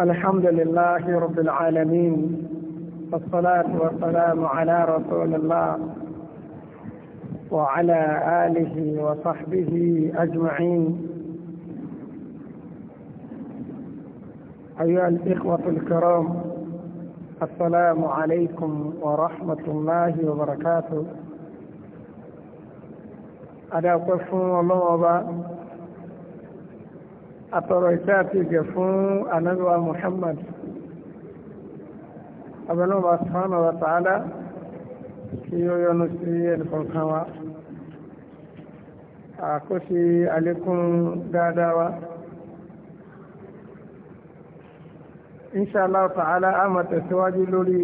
الحمد لله رب العالمين والصلاة والسلام على رسول الله وعلى آله وصحبه أجمعين أيها الإخوة الكرام السلام عليكم ورحمة الله وبركاته أدعوكم الله وبركاته àtọ̀rọ̀ ìfẹ́ àti ìgẹ̀ fún anábíwá Muhammad abẹ́lọ́wà sọ́nà wa ta'ala kí ó yọ́nú sí ẹnìkọ̀ọ̀kan wa àkóṣe àlékún dáadáa wa inṣàlá ta'ala a mọ̀ tẹ̀síwájú lórí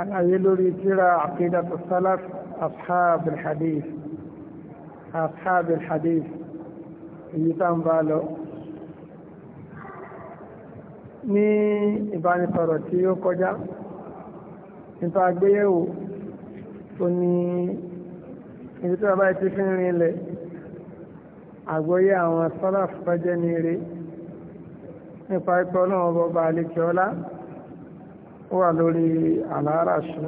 àlàyé lórí tírà aqidatu salaf ashabul hadith èyí tá ń bá lọ ní ìbánisọ̀rọ̀ tí ó kọjá nípa agbéyẹ̀wò tó ní ibi tí bàbá ti fi ń rinlẹ̀ àgbọ́yé àwọn sọ́láf tọ́jẹ́ ní eré nípa ipò ọlọ́run bọba àlekè ọlá ó wà lórí àlàáràṣù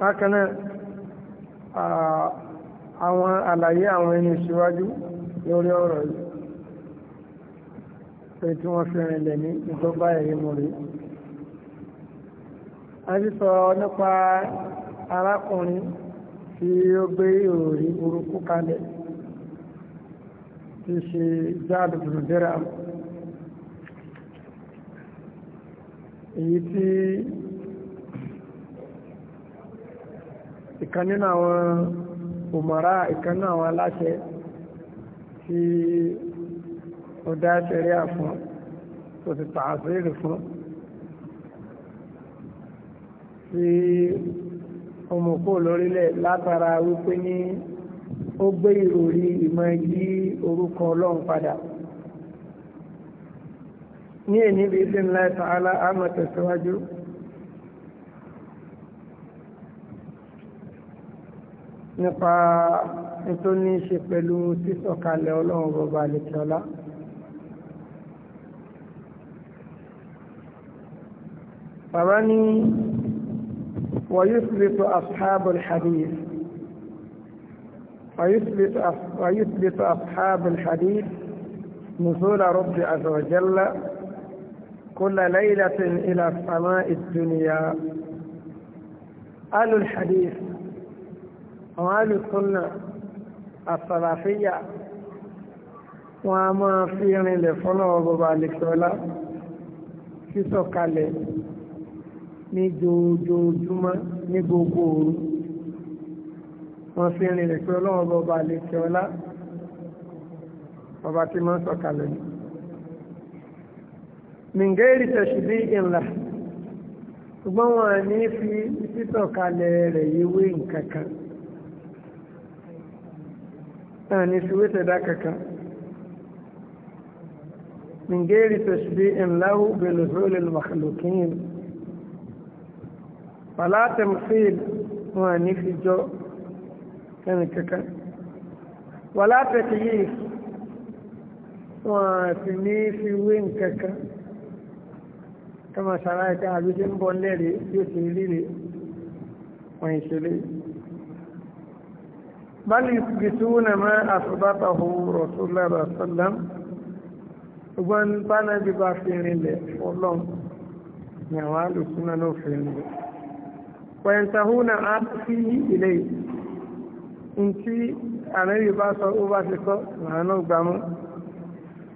bákan náà àwọn àlàyé àwọn ẹni ìṣíwájú lórí ọ̀rọ̀ yìí pé tí wọ́n fi rìnlẹ̀ ní ìjọba ẹ̀rí mú rí a ti sọ nípa arákùnrin tí ó gbé ìròrí burúkú kalẹ̀ tí ṣe jáde bùrùdẹ́ra èyí tí ìkan nínú àwọn òmọ̀rá ìkan nínú àwọn aláṣẹ tí ó dá ṣẹ̀ríà fún tó ti tààsírì fún tí ọmọkó lórílẹ̀ látara wípé ní ó gbé ìròrí ìmọ̀ yí orúkọ ọlọ́run padà ní èní bíi sí àmọ̀ tẹ̀síwájú. nípa tó ní ṣe pẹ̀lú sísọ̀kalẹ̀ ọlọ́run bọba àlèkíọlá bàbá ní wàyúsìlẹ̀tọ̀ ashabul hadith ويثبت أصحاب الحديث نزول رب عز وجل كل ليلة إلى السماء الدنيا أهل الحديث àwọn alùsùnà àsàlàfíyà wọn a máa fi rinlẹ̀ fọ́nà ọgbọ̀bà àlèkọ́lá sísọ̀kalẹ̀ ní jojoojúmọ́ ní gbogbo òru wọ́n fi rinlẹ̀ pé ọlọ́wọ́ ọba àlèkọ́lá ọba tí máa ń sọ̀kalẹ̀ ní. mìngẹ́rì tẹ̀sùdí ìlà ṣùgbọ́n wọn à ní fi sísọ̀kalẹ̀ rẹ̀ yíwé nǹkan kan. kan náà ní fi wéṣẹ̀dá kankan min gairi tashbi'in lahu bi nuzulil makhluqin wala tamthil wọn ní fi jọ ẹnì kankan wala takyif wọn fi ní fi wé nkankan kama sara ẹka àbí ṣe ń bọ lẹ́rìí yóò ṣe rí rí wọn ìṣẹ̀lẹ̀ yìí bal yusbituna ma asbatahu rasulullah sallam ṣùgbọ́n bánà bí bá fi rinlẹ̀ ọlọ́run ni àwọn alùsùnà náà fi rinlẹ̀ wẹ̀ntàhúnà á sí ilé ntí ànábì bá sọ ó bá ti sọ màánà gbàmú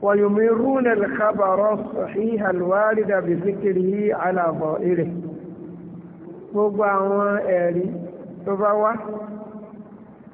ويمرون الخبر الصحيح الوارد بذكره على ظاهره gbogbo àwọn ẹ̀rí tó bá wá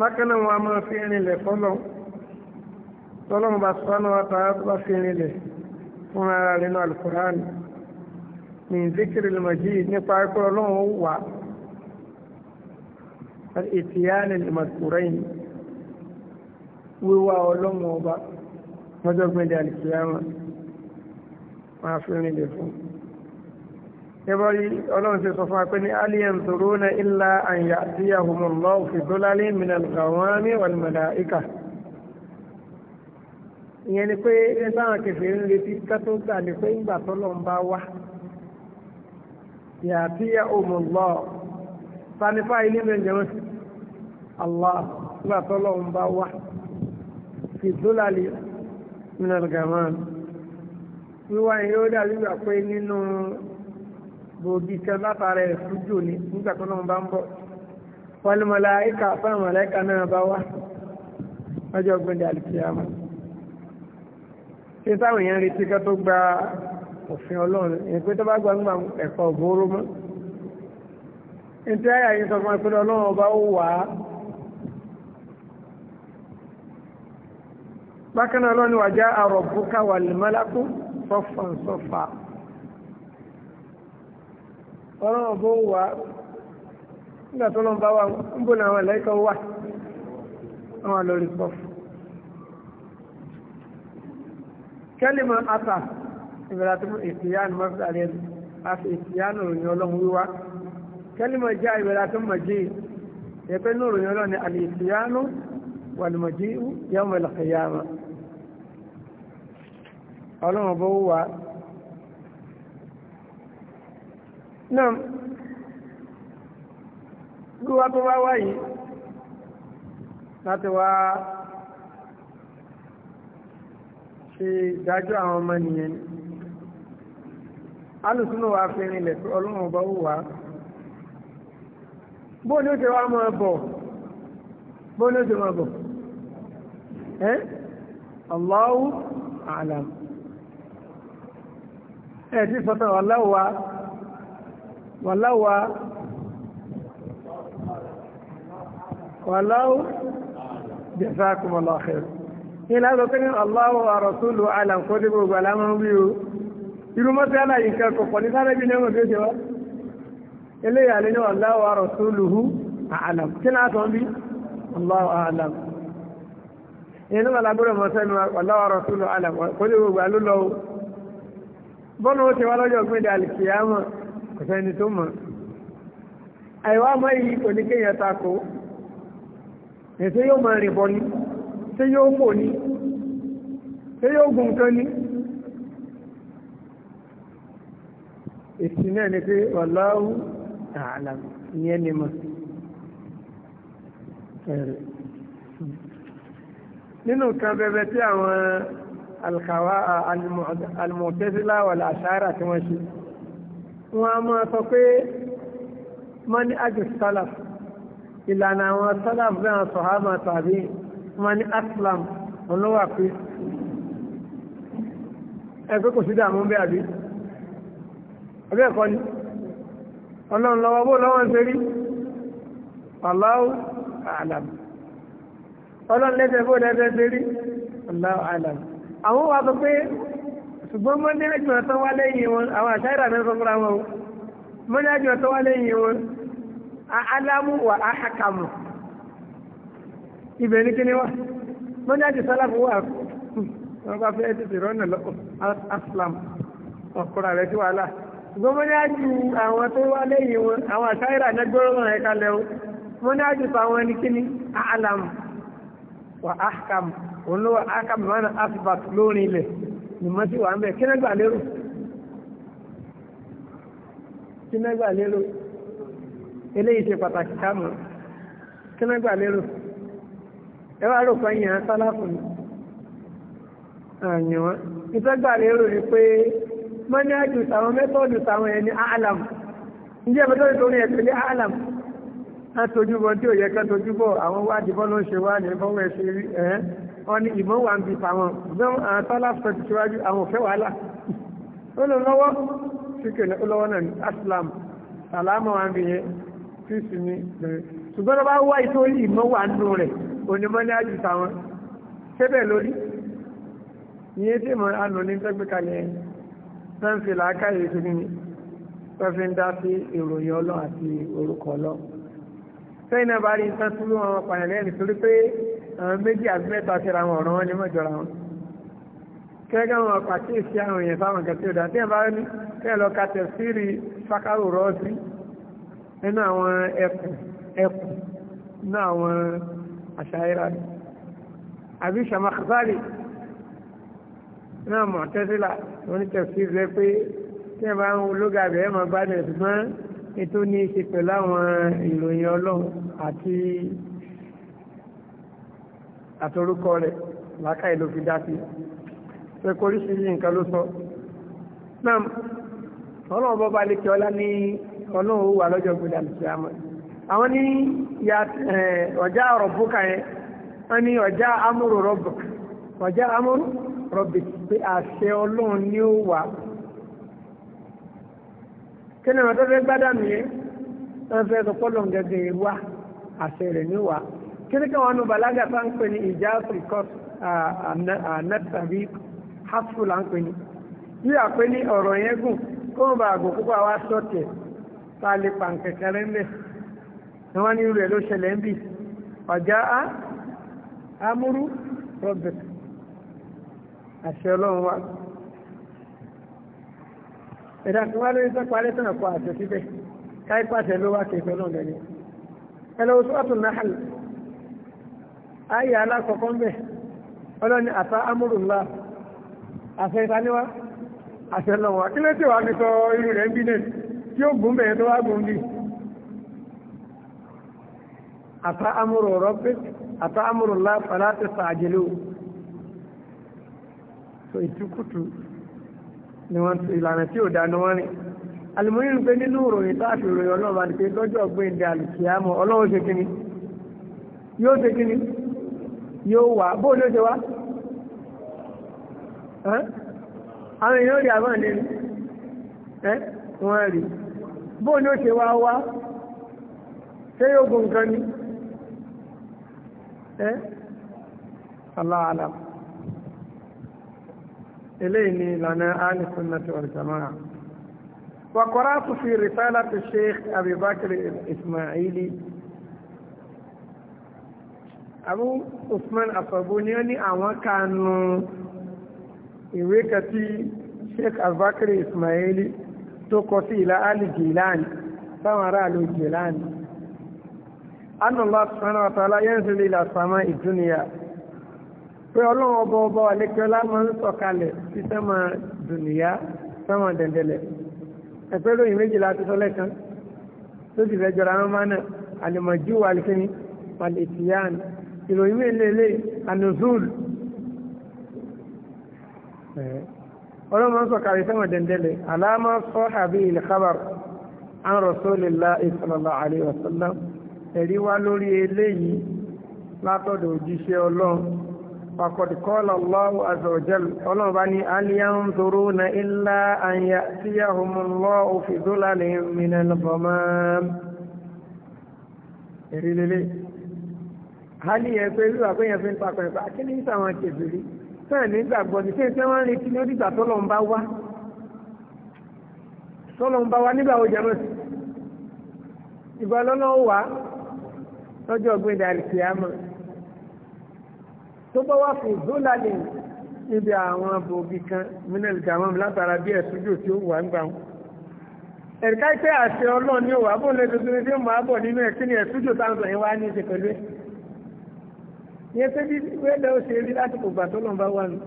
bákanáà wọn a máa fi rinlẹ̀ fọ́lọ́ tọ́lọ́mù bá sọ́nà àtàrà tó bá fi rinlẹ̀ fún ara rẹ̀ náà alukur'an ní zikiri lèmọ̀jì nípa ẹ̀kọ́ ọlọ́run wà ìtìyáni lèmọ̀kùrẹ́yìn wíwá ọlọ́run ọba mọ́jọ́gbẹ́lẹ̀ alìkìyàmọ́ máa fi rinlẹ̀ fún un níbọ̀rí ọlọ́run ṣe sọ fún wa pé ní alien tòró na ilá àyà tí a hùmù lọ fi dólálé mìíràn àwọn ní wàlùmọ̀dà ìkà ìyẹn ni pé ẹgbẹ́rún kẹfẹ́ ń retí ká tó gbà ní pé ńgbà tọ́lọ̀ ń bá wá yà tí a sanifá ilé mi allah ńgbà tọ́lọ̀ ń bá wá fi dólálé mìíràn wíwá yìí dàbí wà pé nínú gbòógì kan látara ẹ̀sùn jò ní nígbà tó náà bá ń bọ̀ wọlùmọ̀lá ìka fáwọn ẹ̀ka náà bá wá ọjọ́ gbọ́ndẹ̀ alìkìyàmọ́ ṣe táwọn èèyàn retí ká tó gba òfin ọlọ́run èyí pé tó bá gba nígbà ẹ̀kọ́ ògbóró mọ́ nítorí àyà yìí sọ fún ẹgbẹ́ ọlọ́run ọba ó wà á bákan náà ọlọ́run wàjá àrọ̀bùkà wà lè mọ́lákú sọ́fà sọ́fà ọlọ́run bó wà nígbà tó lọ́n bá wà ń bò láwọn ẹ̀lẹ́kọ̀ wà àwọn lórí pọ̀ kẹ́lìmọ̀ ata ìbẹ̀rẹ̀ àti ìsìyánu mọ́fìdàrí ẹni àti ìsìyánu ròyìn ọlọ́run wíwá kẹ́lìmọ̀ já ìbẹ̀rẹ̀ àti mọ̀jì ẹ̀pẹ́ ní ròyìn ọlọ́run ni àlè ìsìyánu wàlùmọ̀jì yawm al-qiyamah ọlọ́run bó wà náà bí wá tó bá wá yìí ṣe ìdájọ́ àwọn ọmọ nìyẹn alùsùnú wa fi rinlẹ̀ pé ọlọ́run ọba wù wá ní ó ṣe wá mọ́ ẹbọ̀ ní ó ṣe mọ́ ẹbọ̀ Allahu ẹ̀ tí sọ́tọ̀ wa. wàláwà wàláwù jẹ́sàkùn ọlọ́ọ̀kẹ́ ní láti ọ̀tọ́ ní aláwọ̀ àrọ̀túlù alàǹkọ́dé gbogbo aláwọ̀ wí o irú mọ́tí aláyé nǹkan kọ̀kọ́ ní sáré bí lẹ́wọ̀n tó ṣe wá eléyà lé ní aláwọ̀ àrọ̀túlù hù àlàm kí náà tán bí aláwọ̀ àlàm ìyẹn ní malagbọ́dọ̀ mọ́tẹ́ ní aláwọ̀ àrọ̀túlù alàǹkọ́dé gbogbo alúlọ́wọ́ bọ́nà ó ti wá lọ́jọ́ gbé kò sẹ́ni tó mọ̀ àìwá mọ́ yìí kò ní kéèyàn takò èsè yóò máa rìnbọn ní ṣé yóò fò ní ṣé yóò gùn nǹkan ní èsì náà ni pé wallahu a'lam ìyẹn ni mọ̀ nínú kan bẹbẹ tí àwọn alkawa alimọ̀tẹ́sílá wà tí wọ́n ṣe wọ́n a máa sọ pé mani ajus salaf ìlànà àwọn salaf bí àwọn sọ̀hámà tàbí mani aslam ọlọ́wà pé ẹgbẹ́ kò sí dààmú bẹ́ẹ̀ àbí ọbẹ̀ ẹ̀kọ́ ni ọlọ́run lọ́wọ́ bó lọ́wọ́ ń Allahu a'lam ọlọ́run lẹ́sẹ̀ bó Allahu a'lam àwọn ṣùgbọ́n mọ́ndájú ọ̀tọ́ wá lẹ́yìn wọn àwọn àṣáìrà náà sọ fúnra wọn mọ́ndájú ọ̀tọ́ wá lẹ́yìn wọn alámù wà áhàkàmù ibẹ̀ ní kíní wà mọ́ndájú sálàfù wà wọn bá fẹ́ tètè rọ́nà lọ́kọ̀ aslam ọ̀kúra rẹ̀ sí wàhálà ṣùgbọ́n mọ́ndájú àwọn tó wá lẹ́yìn wọn àwọn àṣáìrà náà gbọ́rọ̀ ẹ̀ kalẹ̀ o mọ́ndájú sọ òun ló wà áhàkàmù lórí ilẹ̀ nìmọ́ sí wà ń bẹ̀ kí náà gbà lérò kí náà gbà lérò eléyìí ṣe pàtàkì káàmù kí náà gbà lérò ẹ rò pé yàn án sálàfù àyàn wọn lérò ni pé mọ́ní àjù tàwọn mẹ́tọ́ọ̀dù tàwọn ẹni àlàm ǹjẹ́ ní ní tí ò yẹ ká àwọn wádìí bọ́ ló ń ṣe wọ́n ní ìmọ̀ wà ń bi fáwọn ṣùgbọ́n àwọn tálàfẹ́ ti ṣíwájú àwọn òfẹ́ wàhálà ó lò lọ́wọ́ síkè lọ́wọ́ náà ní aslam àlámọ̀ wà ń bi yẹn tí sì ní bẹ̀rẹ̀ ṣùgbọ́n lọ́wọ́ wá ìtò ìmọ̀ wà ń dùn rẹ̀ onímọ̀ ní àjù táwọn ṣébẹ̀ lórí ìyẹn tí mo ànú ní tẹ́gbẹ́kalẹ̀ náà ń fi làákàyè tó ní wọ́n fi ń dá sí ìròyìn ọlọ́ àti orúkọ ọlọ́ sẹ́yìn náà bá rí nǹkan túlú àwọn pàyàn lẹ́yìn torí pé àwọn méjì àti mẹ́ta síra wọn ọ̀rọ̀ wọn ni wọ́n jọra wọn kẹ́gẹ́ wọn pàkíyèsí àwọn èèyàn fáwọn nǹkan tí ó dá tí ẹ bá ní kẹ́ lọ ka tẹ̀síìrì fákàrò rọ́ọ̀sì nínú àwọn ẹkùn ẹkùn nínú àwọn àṣàyíra rẹ̀ àbí ṣàmàkàtàlì náà mọ̀ tẹ́sílà wọn ní tẹ̀síìrì rẹ pé tí ẹ bá ń ológa rẹ̀ ẹ̀ àtorúkọ rẹ̀ làákàyè ló fi dá sí pé kò oríṣiríṣi nǹkan ló sọ náà ọlọ́run bọ́ bá lékè ọlá ní ọlọ́run ó wà lọ́jọ́ gbé dàlùsí àmọ́ àwọn ní ọjà ọ̀rọ̀ bùkà yẹn wọ́n ní ọjà amúrò rọ́bù ọjà amúrò rọ́bù pé àṣẹ ọlọ́run ní ó wà kí ni wọ́n tó fẹ́ gbádàmì yẹn wọ́n fẹ́ sọ pọ́lọ̀ wá àṣẹ rẹ̀ ní wà kíní kan wọn nu balaga tá ń pè ní ìjáàsù kọ́s ànẹ́tàbí hasfu là ń pè ní bí àpé ní ọ̀rọ̀ yẹn gùn kó ń ba àgò púpọ̀ wá ṣọ́ọ̀tì ẹ̀ tá a lè pa nkẹ̀kẹ́rẹ́ ńlẹ̀ ní irú ló ṣẹlẹ̀ ń bì á amúrú rọ̀bẹ̀ àṣẹ ọlọ́run wa ẹ̀dá tí wọ́n lórí sọ́pọ̀ alẹ́ sọ̀rọ̀ kọ àṣẹ síbẹ̀ káyípàṣẹ ló wá kẹfẹ́ ọlọ́run lẹ́ni ẹ lọ́wọ́ sọ́ọ̀tún náà ayé alákọ̀ọ́kọ́ ń bẹ̀ ọlọ́ni àtà amúrùnlá àfẹ́ ìtaníwá àṣẹ tí wà ní sọ irú rẹ̀ ń bí náà tí ó gùn bẹ̀yẹ tó wá gùn bí àtà amúrù rọ́pẹ́ àtà amúrùnlá fàlátì sàájẹ́lú ni wọ́n ti ìlànà tí ò dáná wọ́n rìn alùmọ́yìn pé nínú ìròyìn ìròyìn ọlọ́run àti pé lọ́jọ́ ọgbẹ́ ìdí ọlọ́run ṣe kíni yóò wà bóò ló ṣe wá àwọn èèyàn rí àwọn ìlẹ́nu wọ́n rí bóò ló ṣe wá wá ṣé yóò gùn kan ní aláàlá eléyìí ni ìlànà alìsúnnàtí wàlìjàmáà وقرأت في رسالة الشيخ أبي بكر الإسماعيلي abu usman afọ̀bù ni ó ní àwọn kanu ìwé kàtí sheikh abubakar ismaili tó kọ sí ìlà ali jilani sáwọn aráàlú jilani anàlá subhanahu wa ta'ala yanzilu ila sama ìdúnìyà pé ọlọ́run ọba ọba àlékẹ́lá máa ń sọ̀kalẹ̀ sí sẹ́mà dùnìyà sẹ́mà dẹ̀ndẹ̀lẹ̀ ẹ̀pẹ́ lóyìn méjìlá ti sọ́lẹ̀ kan tó ti fẹ́ jọra wọn máa àlèmọ̀jú wà lẹ́kẹ́ni wà ìròyìn mélèlè anuzul ọlọ́mọ sọ̀kàrí sẹ́mọ̀ dẹ̀ndẹ̀lẹ̀ aláàmọ́ sọ àbí ìlẹ̀kábàr an rọ̀sọ́lélá ìsọ̀lọ̀lá àríwọ̀sọ́lá ẹ̀rí wá lórí eléyìí látọ̀dọ̀ òjíṣẹ́ ọlọ́run فقد قال الله عز وجل قالوا بني هل ينظرون إلا أن يأتيهم الله في Hali ní yẹn pé irú àgbẹ̀yẹn fi ń papọ̀ ẹ̀fà kí ní sàwọn kèbìrì náà nígbàgbọ́ ní ṣé ṣé wọ́n ń retí ní onígbà tọ́lọ̀ ń bá wá tọ́lọ̀ ń bá wá nígbà wo jẹ́mọ̀ sí ìgbà lọ́nà wà lọ́jọ́ ọ̀gbìn ìdàlùkì àmọ́ tó bá wà fún zolani níbi àwọn abòbí kan mínẹ́lì gàmọ́ látara bí ẹ̀sùjò tí ó wà ń gbà wọn ẹ̀ka ìpẹ́ àṣẹ ọlọ́ọ̀ ni ó wà bó lẹ́dọ̀dọ̀ ní tí yẹ pé bí wẹ́dà ó ṣe rí lásìkò gbà tó lọ́n bá wà nù.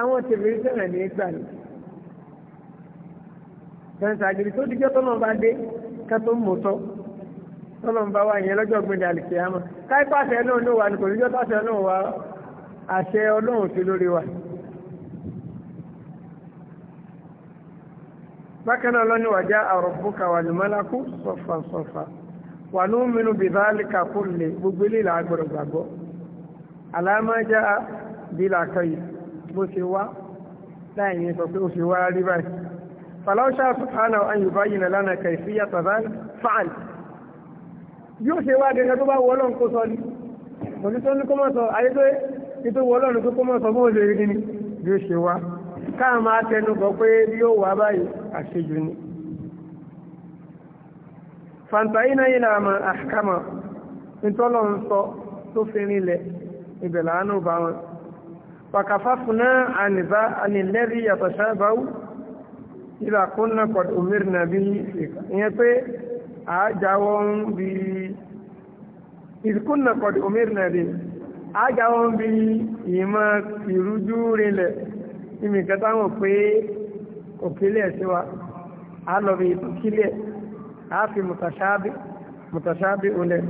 àwọn tèmí sẹ́rẹ̀ ní gbà ní. fẹ́ǹsì àgbèrè tó dijọ́ tó lọ́n bá dé ká tó mọ̀ tọ́ tó lọ́n bá wà yẹn lọ́jọ́ gbẹ̀dẹ̀ àlìkè àmọ́ káípàṣẹ náà ló wà ní kò níjọ́ pàṣẹ náà wà àṣẹ ọlọ́run sí lórí wa. bákan náà lọ́ni wàjá àrùn bùkà wà ní sọ̀fà sọ̀fà wà ní mímú bìbáàlì kàkó lè gbogbo ilé ìlà agbọ̀rọ̀ gbàgbọ́ àlámájá bílà kọyì bó ṣe wá láì yẹn sọ pé ó ṣe wá rí báyìí fàlọ́ṣà sùpánà ayùbá yìí lánàá kàì sí yàtọ̀ báyìí fáàn yóò ṣe wá gẹ́gẹ́ tó bá wọ ọlọ́run sọ ni òní tó ní kó mọ̀ sọ ayé pé nítorí wọ ọlọ́run tó kó mọ̀ sọ bó ṣe rí ni yóò ṣe wá káà máa tẹnu bọ̀ pé bí ó báyìí àṣejù ni fàǹtàyínà yìí là máa àkàmà nítọ́lọ̀ ń sọ tó fi rinlẹ̀ ibẹ̀ làánú bá wọn pàkàfà fúnná ànìbá ànìlẹ́rí ila kunna ìlà kúnnà kọ̀dù òmìnira bí ìyẹn pé àájáwọ́ ń bí ìkúnnà kọ̀dù òmìnira bí àájáwọ́ ń bí ìmọ̀ ìrújú rinlẹ̀ ìmìkẹta wọn pé òkèlè ẹ̀sìn wa á lọ bí ìtúkílẹ̀ a fi mùtàṣábì mùtàṣábì ulẹ̀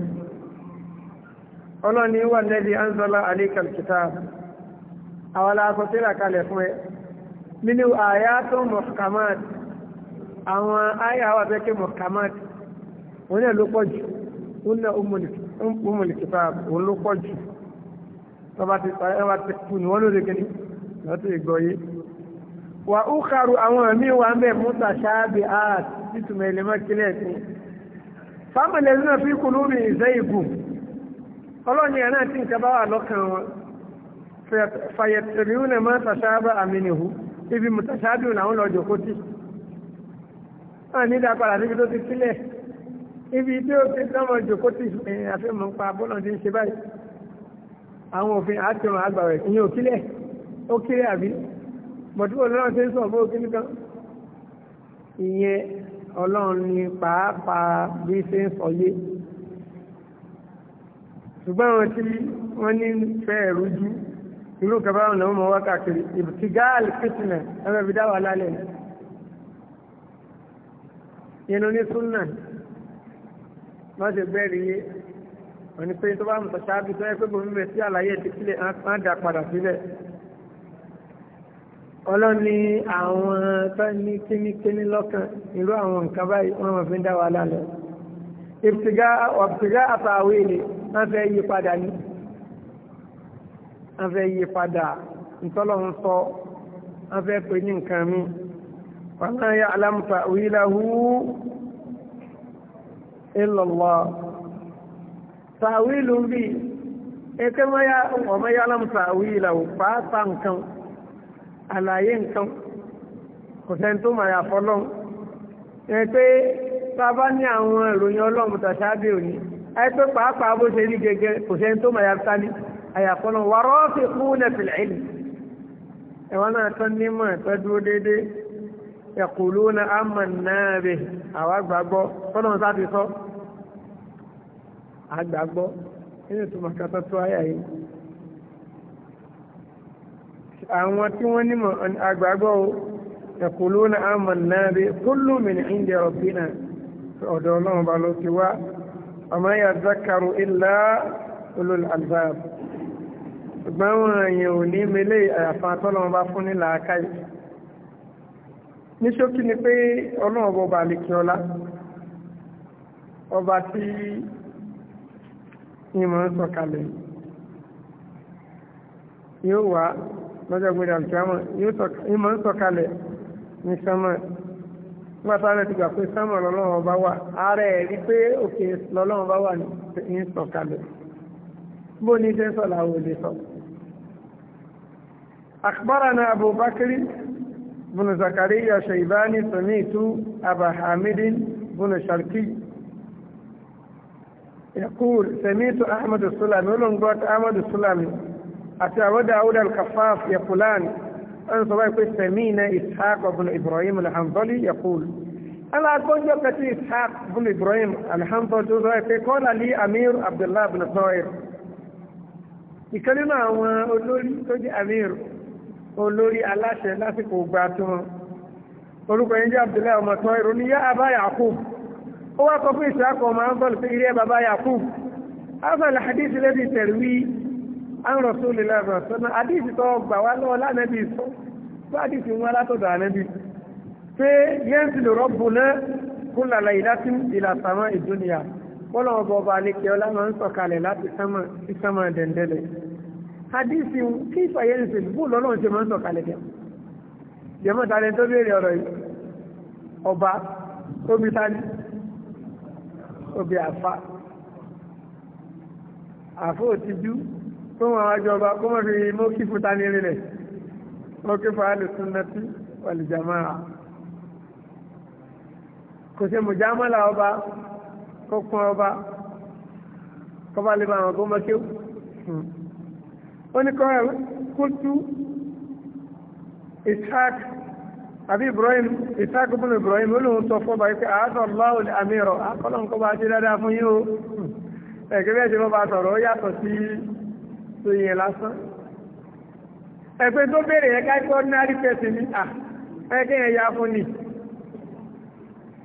ọlọ́ni wà lẹ́bi anzala alikal kitab àwọn aláàkọ́ tí ra kalẹ̀ fún ẹ nínú àyà tó mọ̀kàmáàt àwọn àyà wà bẹ́ kí mọ̀kàmáàt wọ́n náà ló pọ̀ jù wọ́n náà umul wọ́n ló pọ̀ jù tọ́ba ti pààyà wọ́n ló lè gẹ́ni lọ́tí ìgbọ́yé wa ó kàrò àwọn ẹ̀mí wa ń bẹ̀ mọ́tà ṣáàbì áàt títúmọ̀ ẹlẹ́mọ́ kílẹ̀ sí fámìlì ẹ̀sìn náà fi kúlú mi ìzẹ́ ìgùn ọlọ́ni ẹ̀ náà tí nǹkan bá wà lọ́kàn wọn fàyẹ̀tẹ̀rì ń mọ́ tàṣáàbà àmìnìhù ibi mùtàṣáàbì làwọn lọ jòkó tì wọn ní dápadà níbi tó ti sílẹ̀ ibi tí ó ti dámọ̀ jòkó tì ẹ̀yìn àfihàn ń pa bọ́lọ̀ ti ń ṣe báyìí àwọn òfin àti ọ̀rọ̀ àgbà rẹ̀ ìyẹn bọ̀dúbọ̀ náà ṣe ń sọ fún òkín kan ìyẹn ọlọ́run ni pàápàá bí ṣe ń sọ yé ṣùgbọ́n àwọn tí wọ́n ní fẹ́ rújú irú kaba ọ̀nà ọmọ wá káàkiri ìbùtígáàl fitna ẹgbẹ́ fi dáwà lálẹ́ yẹnu ní súnà má ṣe bẹ́ẹ̀rì yé wọ́n ni pé tó bá mọ̀ sáábì tó yẹ pé bòmí bẹ̀ àlàyé ti kílẹ̀ á dà padà sílẹ̀ ọlọ́ni àwọn tó ní kíníkíní lọ́kàn irú àwọn nǹkan báyìí wọ́n mọ̀ fi ń dá wa lálẹ́ ìfìgá àfàwé ni wọ́n fẹ́ yí padà ní wọ́n fẹ́ yí padà ntọ́lọ̀ ń sọ wọ́n fẹ́ pè ní nǹkan mi wọ́n náà yà alámùfà wíláhù illallah tàwílù ń bì ẹ̀kẹ́ wọ́n mọ̀ yà alámùfà wíláhù pàápàá nǹkan àlàyé nǹkan kò sẹ́ni tó mà yà fọlọ́n ẹ pé tá a bá ní àwọn ìròyìn ọlọ́run tàṣáájú òní ẹ pé pàápàá bó ṣe rí gẹ́gẹ́ kò sẹ́ni tó mà yà tani àyàfọlọ́n wà rọ́ọ̀fì fún ẹ̀fìlẹ̀ ẹ̀lì ẹ̀wọ́n náà tán nímọ̀ ẹ̀fẹ́ dúró déédéé ẹ̀kùlú na amànàbẹ̀ àwọn àgbàgbọ́ tọ́lọ́run sáfi sọ àgbàgbọ́ nínú ìtumọ̀ kátà tó ayà yìí àwọn tí wọ́n ní àgbàgbọ́ o yaquluna amanna bi kullu min indi rabbina ọ̀dọ̀ ọlọ́run bá ló ti wá ama yadhakkaru illa ulul albab ṣùgbọ́n wọn èèyàn ò ní mele àyàfà tọ́lọ́run bá fún ní làákàyè ní ṣókí ni pé ọlọ́run bọ̀ bá kí ọlá ọba tí ìmọ̀ ń sọ̀kalẹ̀ yóò wá lọ́jọ́ gbé dàlùkìámọ̀ ìmọ̀ ń sọ̀kalẹ̀ ní sánmọ̀ nígbàtà rẹ̀ ti gbà pé sánmọ̀ lọ́lọ́wọ́ bá wà ààrẹ rí pé òkè lọ́lọ́wọ́ bá wà ní sọ̀kalẹ̀ bó ní ṣe ń sọ làwọn olè sọ. أخبرنا أبو بكر بن زكريا شيباني سمعت أبا حامد بن شرقي يقول سمعت أحمد السلمي ولن أحمد السلمي àti Abu Dawud al-Khaffaf yakulan ẹni sọ báyìí pé sami'na ishaq ibn ibrahim al-hanzali yakul alákọ́jọ́ kẹtí ishaq ibn ibrahim al-hanzali tó sọ báyìí pé qala li amir abdullah ibn sa'ir ìkan àwọn olórí tó jẹ́ amir olórí aláṣẹ lásìkò gbà tó wọn orúkọ yẹn jẹ́ abdullah ọmọ sa'ir ní yá abá yakub ó wá kọ fún ishaq ọmọ hanzali pé ilé bàbá yakub afẹ́ al lẹ́bi tẹ̀lé àwọn rọ̀sùn lè lọ́rọ̀ sọ́nà àdìsí tó gbà wá lọ́wọ́ lánàbí sọ tó àdìsí wọn látọ̀dọ̀ ànàbí pé yẹ́nsì lè rọ́bù náà kún lálẹ́ ìdásí ìlà sàmọ́ ìdúnìyà bọ́lá ọba ọba alẹ́kẹ́ ọlá máa ń sọ̀kalẹ̀ láti sánmà dẹ̀ndẹ̀lẹ̀ àdìsí kí ìfà yẹ́nsì bú lọ́lọ́ ṣe máa ń sọ̀kalẹ̀ dẹ̀ jẹ́mọ́ ta lẹ́ni tó béèrè kó wọn wá jọba kó wọn fi mú kí fúta ní rí rẹ̀ wọ́n kí fún alùsùn nàtí wàlìjàmáà kò ṣe mùjámọ́là ọba kó kún ọba kọba lè bá àwọn ọgbọ́n mọ́kéwù ó ní kọ́ kúrtú ishaq àbí ibrahim ishaq bin ibrahim olóhun sọ fún báyìí pé àádọ́ láwùl amírọ̀ akọ́lọ́nkọ́ bá ti dáadáa fún yíò ẹ̀gẹ́gẹ́ ṣe mọ́ bá sọ̀rọ̀ ó yàtọ̀ sí tó yẹ lásán ẹgbẹ́ tó béèrè yẹn ká kí ordinary person ní à ẹgbẹ́ yẹn ya fún ni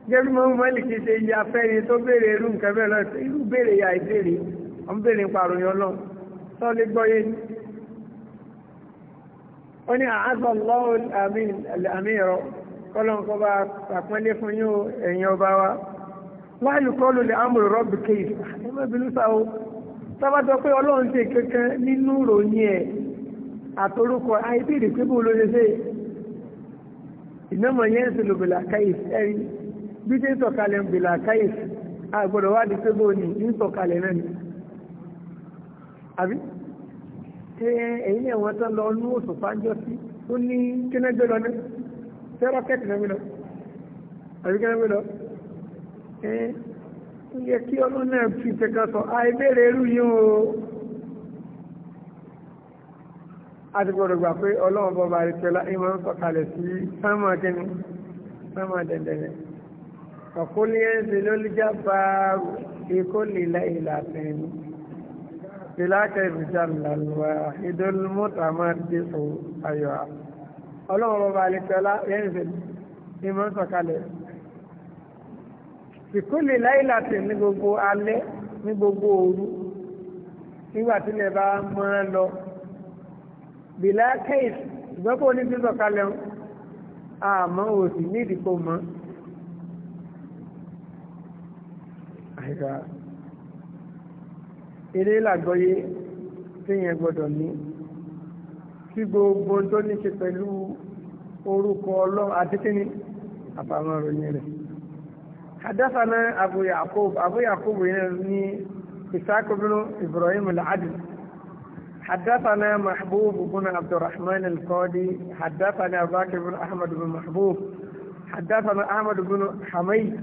gẹ́gẹ́ mọ́ mọ́lì kìí ṣe ya fẹ́ni tó béèrè irú nǹkan bẹ́ẹ̀ lọ irú béèrè ya ìbéèrè ọ̀n béèrè ń parọ́ yẹn lọ tó lè gbọ́ yé ni. ó ní àásọ lọ́wọ́ àmì ẹ̀rọ kọ́lọ́nkọ́ bá àpọ́nlé fún yóò ẹ̀yìn ọba wa láàlú kọ́lù lè ámúrò rọ́bì kéèfì ẹ̀ sábàtọ pé ọlọ́run ṣe kankan nínú ròyìn ẹ̀ àtorúkọ àìbéèrè pé bó ló ṣe ṣe ìnáwó yẹn ń ṣe lò bìlà káyìs ẹ̀rí bí ṣe ń sọ̀kalẹ̀ ń bìlà káyìs àgbọ̀dọ̀ wá di pé bó ni ń sọ̀kalẹ̀ náà ni àbí ṣé ẹ̀yin ní àwọn tán lọ nú òṣùpá ń jọ sí ó ní kínájọ́ lọ náà ṣé rọ́kẹ́tì náà mi lọ àbí kínájọ́ lọ ó yẹ kí ọlọ́run náà fi kankan sọ àìbéèrè irú yín o a ti gbọdọ̀ gbà pé ọlọ́run bọba àrètọ́lá ìmọ̀ ń sọ̀kalẹ̀ sí sámà kínní sámà dẹ̀dẹ̀rẹ̀ ọ̀kúnlẹ́yẹnsì ló lè já bá ikó lílá ìlàfẹ́yìn ìlàkẹ́ ìrìjàmìlà lọ́wọ́ ìdólmọ́ta máa dé fún ayọ̀ ọlọ́run bọba àrètọ́lá yẹnsì ìmọ̀ ń sọ̀kalẹ̀ fìkúlì láìláṣẹ ní gbogbo alẹ́ ní gbogbo òru nígbà tí lè bá mọ́ ẹ lọ bìlá kéèsì ìgbọ́pọ̀ ní sísọ kalẹ̀ àmọ́ òsì ní ìdìpọ̀ mọ́ àìsà eré làgbọ́yé téèyàn gbọ́dọ̀ ní tí gbogbo tó ní ṣe pẹ̀lú orúkọ ọlọ́run àti kíní àtàwọn ìròyìn rẹ̀ حدثنا أبو يعقوب أبو يعقوب يعني إسحاق بن إبراهيم العدل حدثنا محبوب بن عبد الرحمن القاضي حدثنا باكر بن أحمد بن محبوب حدثنا أحمد بن حميد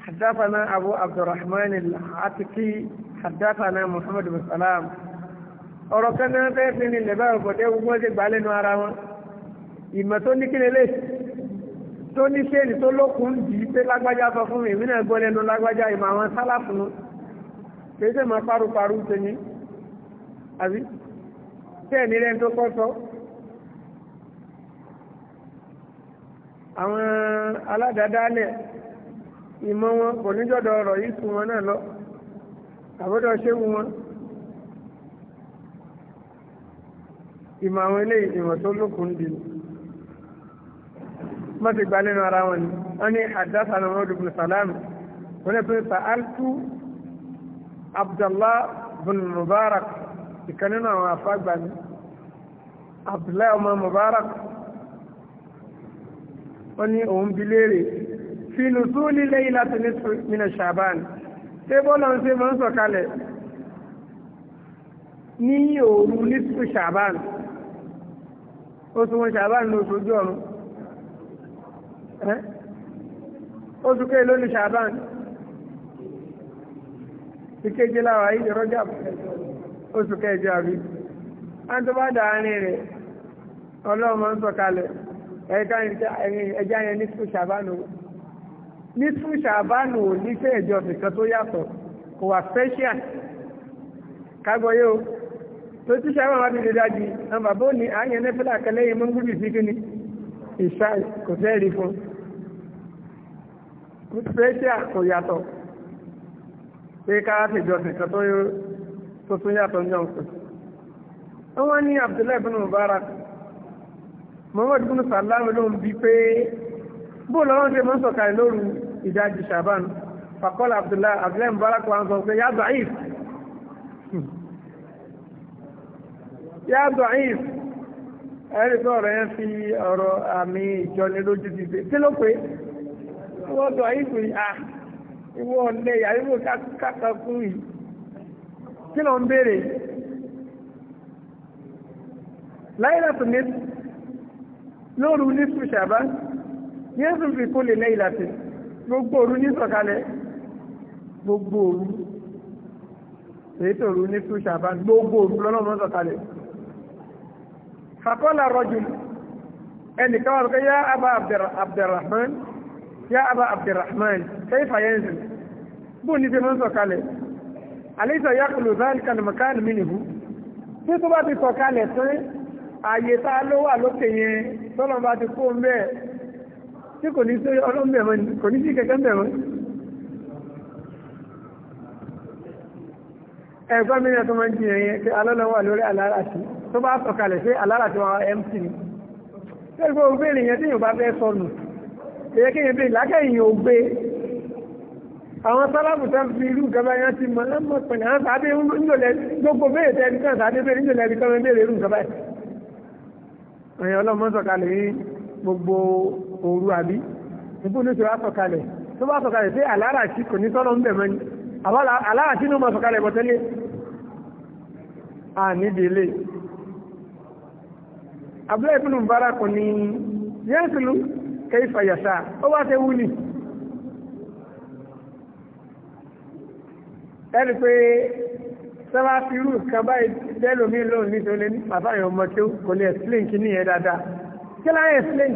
حدثنا أبو عبد الرحمن العتكي حدثنا محمد بن سلام ọ̀rọ̀ kan náà fẹ́ẹ́ fi ní ilẹ̀ báyọ̀ pọ̀ tẹ́ tó ní ṣéènì tó lókun dì í pé lágbájá sọ fún mi èmi náà gbọ́ lẹ́nu lágbájá ìmọ̀ àwọn sálàfù nù kìí sèmọ paruparu ṣe ní àbí ṣéènì rẹ̀ tó kọ́ sọ. àwọn aládàádálẹ̀ ìmọ̀ wọn kò níjọ́dọ̀ ọ̀rọ̀ yìí sùn wọn náà lọ àbọ̀dọ̀ ṣéwu wọn. ìmọ̀ àwọn eléyìí ìmọ̀ tó lókun dì í wọ́n ti gbà lẹ́nu ara wọn ni wọ́n ní àdáṣà náà wọ́n dùbùn sàlámù wọ́n ní pé sa'altu abdullah bin mubarak ìkan nínú àwọn afágbà ni abdullah ọmọ mubarak wọ́n ní òun bi léèrè fi nùsúlì laylati nisfi min ṣàbáàni ṣé bọ́ọ̀lù ọ̀hún ṣe máa ń sọ̀kalẹ̀ ní òru ní oṣù oṣù kéèló ní ṣàbán ìkéje láwàá yìí rọ́jà oṣù kẹjọ àbí wọ́n tó bá dàárín rẹ̀ ọlọ́run ń sọ̀kalẹ̀ ẹja yẹn ní fún ṣàbánu ní ní fẹ́ tó yàtọ̀ kò wà fẹ́ṣíà o tó tí ṣàbánu wá Prẹ́ṣíà kò yàtọ̀ pé káàtì ìjọsìn kan tó tó tún yàtọ̀ ní ọ̀sẹ̀. Wọ́n ní Abdullahi bin Mubarak, Muhammad bin Salam ló ń bi pé bó lọ́wọ́ ṣe mọ́ sọ̀kalẹ̀ lóru ìdajì Ṣàbán. Fàkọ́lá Abdullahi, Abdullahi Mubarak wa ń sọ pé yá da'if. Yá da'if ẹ̀rí pé ọ̀rọ̀ yẹn fi ọ̀rọ̀ àmì ìjọni lójú ti wọ́n dọ̀ ìfò à ìwọ ọ̀lẹ ìyàwó kákà fún yìí kí ló ń béèrè láìlà tó ní lóru ní ṣùṣàbá yéésù fi kó lè lẹ́yìn láti gbogbo òru ní sọ̀kalẹ̀ gbogbo òru èyí tó òru ní ṣùṣàbá gbogbo òru lọ́lọ́mọ sọ̀kalẹ̀ fàkọ́lá rọ́jù ẹnìkan wà lókè yá abba abdulrahman ya aba abdulrahman kayfa yanzil bó ní ṣe máa ń sọ̀kalẹ̀ àlejò yakulu zalika almakan minhu tí tó bá ti sọ̀kalẹ̀ tán ààyè tá a ló wà lókè yẹn tọ́lọ́ bá ti kó ń bẹ́ẹ̀ ni kò ní sí ọlọ́mbẹ̀ mọ́ kò ní sí kẹ̀kẹ́ ń bẹ̀ mọ́. ẹ̀gbọ́n mi náà tó máa ń jiyàn yẹn pé alọ́lọ́wà lórí aláràtì tó bá sọ̀kalẹ̀ sí aláràtì wa mt ni. ṣé gbogbo ìbéèrè yẹn tí yóò bá fẹ́ sọnù èyẹ kéyìn bí lákẹ́yìn ò gbé àwọn sálábù tó fi irú gaba yẹn ti mọ lọ́mọ pẹ̀lú àwọn sáadé nílòlẹ̀ gbogbo bẹ́ẹ̀ tẹ́ ẹni kan sáadé bẹ́ẹ̀ nílòlẹ̀ ẹni kan bẹ́ẹ̀ irú gaba yẹn. ẹ̀yìn ọlọ́mọ sọ̀kalẹ̀ yìí gbogbo òru àbí níbo ló ti wá sọ̀kalẹ̀ tó bá sọ̀kalẹ̀ pé aláràṣí kò ní sọ́nà ń bẹ̀ mọ́ni àwọn ní ma sọ̀kalẹ̀ bọ̀ tẹ́lẹ̀ ànídìílé abúlé ìpínlẹ̀ mubarak ni yẹ́nsìlú kẹ́yìfà yàṣà ó wá tẹ́ wú ni ẹni pé sábà fi irú nǹkan báyìí dẹ́lòmí lóhùn nítorí ní bàbá yẹn ọmọ tó kò lè explain kí nìyẹn dáadáa kí láyé explain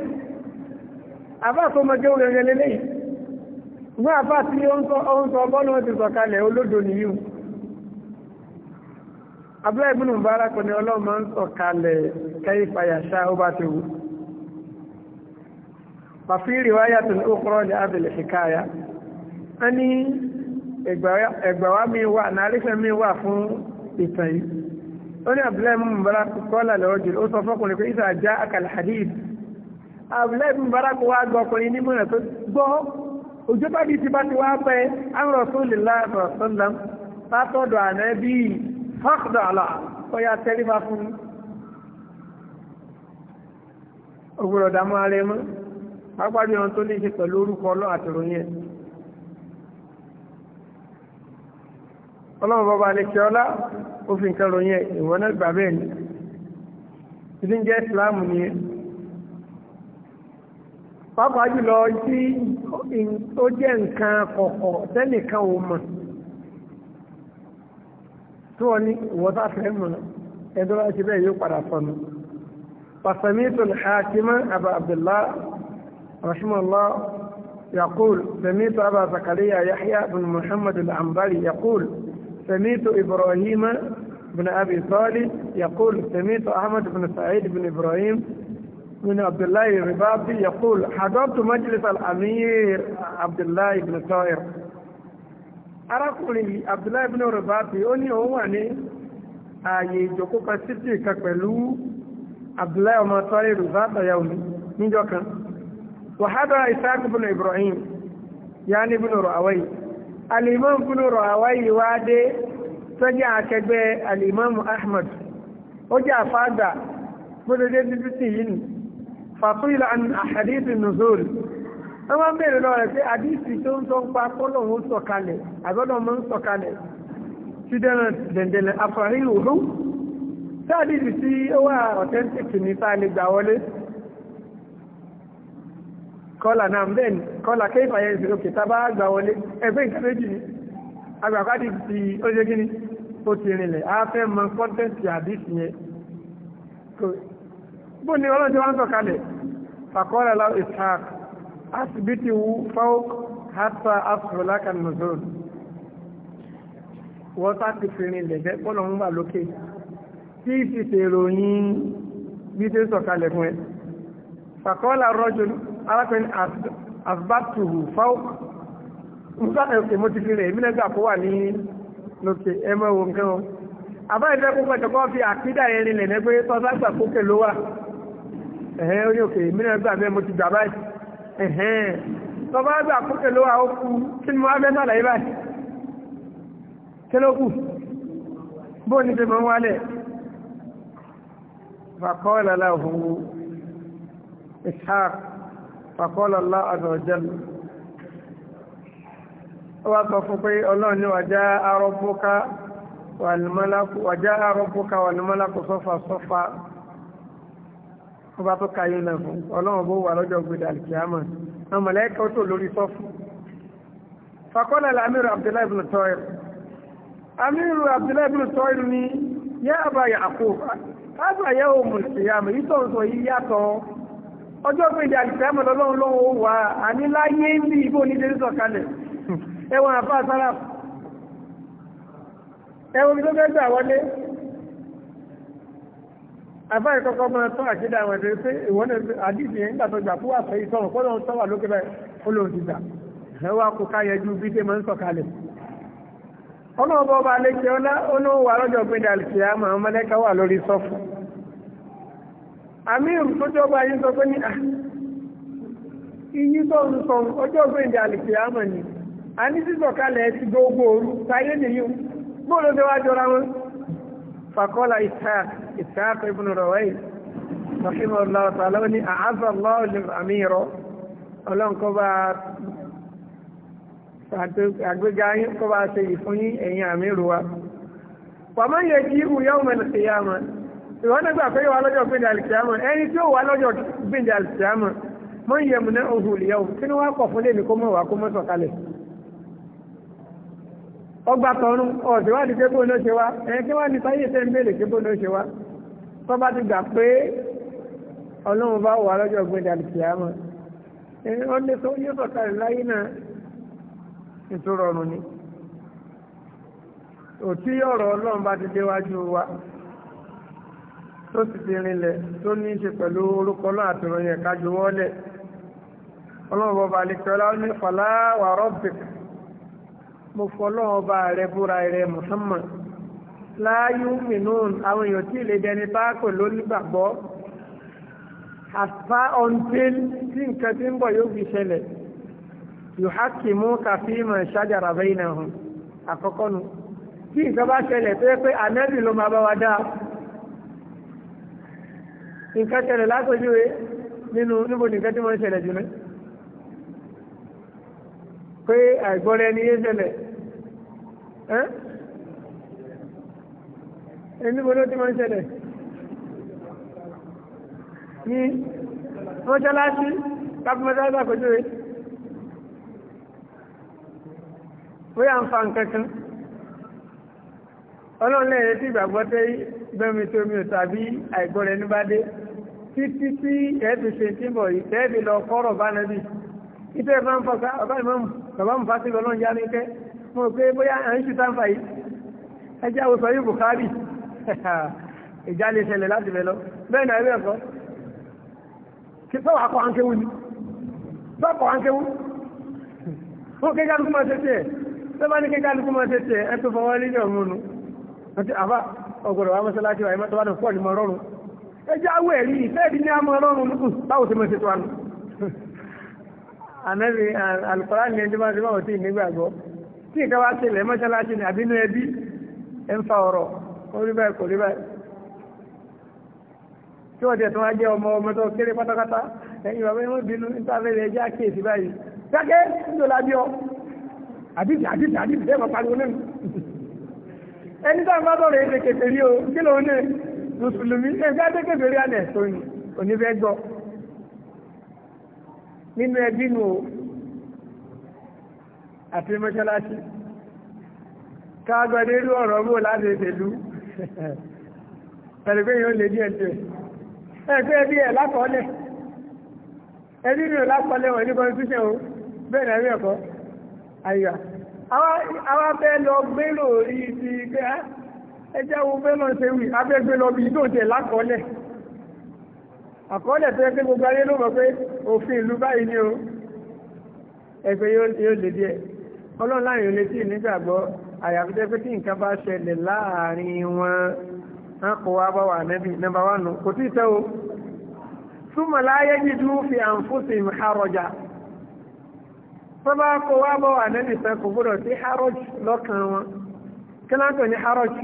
àbá tó mọ jẹun rẹ̀ lélẹ́yìn ṣùgbọ́n àbá tí ó ń sọ bọ́ọ̀lù ti sọ kalẹ̀ olódo nìyí abúlé ìbùnú bára kò ọlọ́run máa ń sọ kalẹ̀ kẹ́yìfà yàṣà ó bá ti wù fàfí riwayatin ukhra ní abìlì hikaya a ní ẹgbàwá mi wà nárífẹ́ mi wà fún ìtàn yìí ó ní abdullahi mubarak kọ́lá lọ́wọ́ jù ó sọ fọ́kùnrin pé ìsà já akal hadith abdullahi mubarak wá gbọ́ ọkùnrin ní múnà tó gbọ́ ojú bá di ti bá ti wá pẹ́ àwọn rasulillah rasulillah látọ̀dọ̀ ànábì fọ́kùdọ̀ àlọ́ ọ̀yà tẹ́lifà fún ogbùrọ̀dàmú alẹ́ mọ́ pápárí ohun tó ní ṣe pẹ̀lú orúkọ ọlọ́run àtìròyìn ẹ̀ ọlọ́run bọ́ba lè ṣe ọlá ó fi nǹkan ròyìn ẹ̀ ìwọ náà gbà bẹ́ẹ̀ ni ìdí ń jẹ́ ìsìláàmù nìyẹn pápá jùlọ tí ó jẹ́ nǹkan kọ̀kọ̀ tẹ́nìkan ò mọ̀ tí wọ́n ní ìwọ́ta fẹ́ mọ̀ ẹ̀dọ́rọ̀ ti bẹ́ẹ̀ yóò padà sọnù pàṣẹmí tó lè ha kí mọ́ àbá Abdullah رحمه الله يقول سميت أبا زكريا يحيى بن محمد العنبري يقول سميت إبراهيم بن أبي طالب يقول سميت أحمد بن سعيد بن إبراهيم بن عبد الله الرباطي يقول حضرت مجلس الأمير عبد الله بن طائر arákùnrin عبد الله بن ó ní هو wà ní ààyè ìjòkó kan títì kan pẹ̀lú abdullahi ọmọ tọ́lẹ̀ ribata yaomi وحضر إسحاق بن إبراهيم يعني بن رؤوي الإمام بن رؤوي وادي تجع كبه الإمام أحمد وجع فادا بن جد بسيين فطيل عن أحاديث النزول أما بير لو في حديث تون تون فاقول هو سوكالي أقول من سوكالي سيدنا دندن أفعيله سادي بسي هو أوتنتك نفالي داولي kọ́là náà bẹ́ẹ̀ ni kọ́là kéfà yẹn ìṣòro kìtà bá gbà wọlé ẹgbẹ́ nǹkan ni agbàkádì ti ó ṣe ni ó ti rinlẹ̀ á fẹ́ mọ kọ́ńtẹ́ǹtì àdìsí yẹn bó ni ọlọ́run ti wá ń sọ kalẹ̀ fàkọ́là lọ ishaq asibiti wu fawk hata asrolaka nuzul wọ́n sá ti fi rinlẹ̀ jẹ́ bọ́lọ̀ ń wà lókè tí ìfìṣèròyìn bí ṣe sọ̀kalẹ̀ fún ẹ fàkọ́là rọ́jòlù arákùnrin asbatuhu fáwọ́ nǹkan ẹ̀kẹ́ mo ti fi rẹ̀ ìmínẹ́gbà kó wà ní lókè ẹmọ ìwò nǹkan wọn àbá ìfẹ́ púpọ̀ tẹ́kọ́ fi àkídà ẹrin lẹ̀ nẹ́gbẹ́ tọ́ságbà kókè ló wà ẹ̀hẹ́ ó ní òkè ìmínẹ́gbà bẹ́ẹ̀ mo ti gbà báyìí ẹ̀hẹ́ tọ́bá kókè ló wà ó kú kí ni mo wá bẹ́ẹ̀ sàlàyé báyìí kí ló kù bó ní ṣe mọ́ wálẹ̀ fàkọ́ ìlàlá òhun ìṣáàkù fàkọ́lọ̀ Allah azza wa jalla ó wá sọ fún pé ọlọ́run ní wàjá arọ́bùká wàlúmọ́lákù sọ́fà sọ́fà ó bá tó káyé náà fún ọlọ́run bó wà lọ́jọ́ gbèdà alìkìyàmà àwọn mọ̀lẹ́kà ó tó lórí sọ́fù fàkọ́lọ̀ alamiru abdullahi ibn tọ́yìn amiru abdullahi ibn tọ́yìn ni yá àbáyà àkófà àbáyà yàtọ̀ ọjọ́ péjì àdìsẹ́mọ̀ lọ́lọ́run lọ́wọ́ wà á ní láyé ń bí ibò ní jésù ọ̀kalẹ̀ ẹwọ̀n àfá sára ẹwọ̀n mi tó fẹ́ gbà wọlé àfá ìkọ́kọ́ máa tọ́ àkídà àwọn ẹ̀sẹ̀ pé ìwọ́n àdìsí yẹn nígbà tó gbà fún àfẹ́ ìtọ́rùn kọ́ lọ́run tọ́wà lókè báyìí ó lóun ti gbà ẹwà kò káyẹjú bí tẹ́ máa amir tó jọba yìí sọ pé ní iyì sọ̀rọ̀ sọ̀rọ̀ ọjọ́ gbèǹdé àlèkè ni a ní ti gbogbo ooru táyé nìyí bóòlù tó wá jọra wọn fàkọ́lá ishaq ishaq ibn rawayh rahimu allah ta'ala ni a'azza allah àgbéga ṣe wa yẹ kí ìwọ́n náà gbà pé yóò wá lọ́jọ́ gbìndé alìkìyàmọ̀ ẹni tí ó wá lọ́jọ́ gbìndé alìkìyàmọ̀ mọ́ ń yẹmu náà òhùn ìyàwó kí ni wá kọ̀ fún lèmi kó mọ̀ wá kó mọ́ sọ̀kalẹ̀ ọgbà tọrún ọ̀sẹ̀ wá ní pé bó ló ṣe wá ẹni tí wá ní sáyé tẹ́ ń béèrè pé bó ló ṣe wá tó bá ti gbà pé ọlọ́run bá wà lọ́jọ́ gbìndé alìkìyàmọ̀ ẹni ó lé tó yóò sọ̀kalẹ̀ láyé náà ìtúrọ̀rùn ni òtí ọ̀rọ̀ ọlọ́run bá ti déwájú wa tó sì fi rinlẹ̀ tó ní í ṣe pẹ̀lú orúkọ náà àtìròyìn ẹ̀ka juwọ́lẹ̀ ọlọ́run bọba àlekẹ́lá ní fàlà rọ́bìk mo fọlọ́ ọba rẹ búra rẹ Muhammad láyú mìíràn àwọn èèyàn tí ìlẹ̀ dẹni bá pè lónígbàgbọ́ as far until tí nǹkan tí ń bọ̀ yóò fi ṣẹlẹ̀ yòhákìmú kàfíìmọ̀ ṣájàrà bẹ́yìn náà hàn àkọ́kọ́ nu tí nǹkan bá ṣẹlẹ̀ tó pé ànábì ló máa bá wa dáa nǹkan ṣẹlẹ̀ látọjúwe nínú níbo nìkan tí wọ́n ṣẹlẹ̀ jùlọ pé àìgbọ́ra ẹni yé ṣẹlẹ̀ ẹ́ níbo ló ti máa ń ṣẹlẹ̀ ní mọ́ṣáláṣí kápẹ́mọ́tà látọjúwe pé à ń fa nǹkan kan ọlọ́run lẹ́yìn tí ìgbàgbọ́ tẹ́ gbẹ́mi tó mi ò tàbí àìgbọ́ra ẹni bá dé títí tí ẹ̀ẹ́dì ṣe tí ń bọ̀ yìí tẹ́ẹ̀dì lọ kọ́rọ̀ bá nẹ́bì ìtẹ́ bá ń fọ́sá ọ̀bá ìmọ̀mù bàbá mú fásitì ọlọ́run já ní kẹ́ mo pé bóyá à ń ṣù táǹfà yìí ẹjá wo sọ yìí Bukhari ìjà lè ṣẹlẹ̀ láti bẹ̀ lọ bẹ́ẹ̀ náà ẹgbẹ́ ẹ̀kọ́ kí sọ́wọ́ akọ àǹkéwu ni sọ́kọ̀ àǹkéwu ó kéka lukú máa lukú máa tètè ẹ̀ ẹ̀ tó fọwọ́ lílẹ̀ ọ̀mùnú àti àbá ọ̀gọ̀rọ̀ wa mọ́sálásí ẹjẹ́ awọ ẹ̀rí ìfẹ́ ìdí ní àmọ́ ọlọ́run lùkù báwo ti mọ̀ sí tuwanu. ànábi alukọ́lá ni ẹjọ́ máa ti máa wọ̀ sí ìnígbàgbọ́ tí ìka wá sílẹ̀ mọ́ṣáláṣí ni àbínú ẹbí ẹ̀ ń fa ọ̀rọ̀ orí báyìí kò rí báyìí. tí wọ́n ti ẹ̀tún wá jẹ́ ọmọ ọmọ tó kéré pátápátá ẹ̀yin bàbá yẹn bínú nítaàfẹ́lẹ̀ ẹjẹ́ àkíyèsí báyìí. dákẹ́ ńlọlá bí ọ àdìsí àdìsí àdìsí ẹ̀ mùsùlùmí ẹgbẹ́ adékèké rí alẹ̀ tó ní onífẹ́ gbọ́ nínú ẹbí nù o àti mọ́ṣáláṣí káàgbọ́dé irú ọ̀rọ̀ mú láti ìṣèlú pẹ̀lú pé yóò lè díẹ̀ tó ẹgbẹ́ ẹbí ẹ̀ lákọọ́lẹ̀ ẹbí mi ò lákọọ́lẹ̀ wọ̀ ní constitution o bẹ́ẹ̀ náà rí ẹ̀kọ́ àyà àwọn afẹ́ lọ gbérò orí ti gbé ẹjẹ́ wo fẹ́ lọ ṣe wì abẹ́gbẹ́ lọ bí tó tẹ̀ lákọọ́lẹ̀ àkọọ́lẹ̀ tó yẹ pé gbogbo ayé ló mọ̀ pé òfin ìlú báyìí ni o ẹgbẹ́ yóò lè díẹ̀ ọlọ́run láàrin ò lè tí ì nígbàgbọ́ àyàfi jẹ́ pé tí nǹkan bá ṣẹlẹ̀ láàrin wọn á kó wa bá wà nẹ́bí nọ́mbà wà nù kò tí ì tẹ́ o súnmọ̀ láyé jíjú fi àǹfóṣe àrọ̀jà tó bá kó wa bá wà nẹ́bí sẹ́kù gbọ́dọ̀ sí harrods lọ́kàn wọn kí láǹtọ̀ ní harrods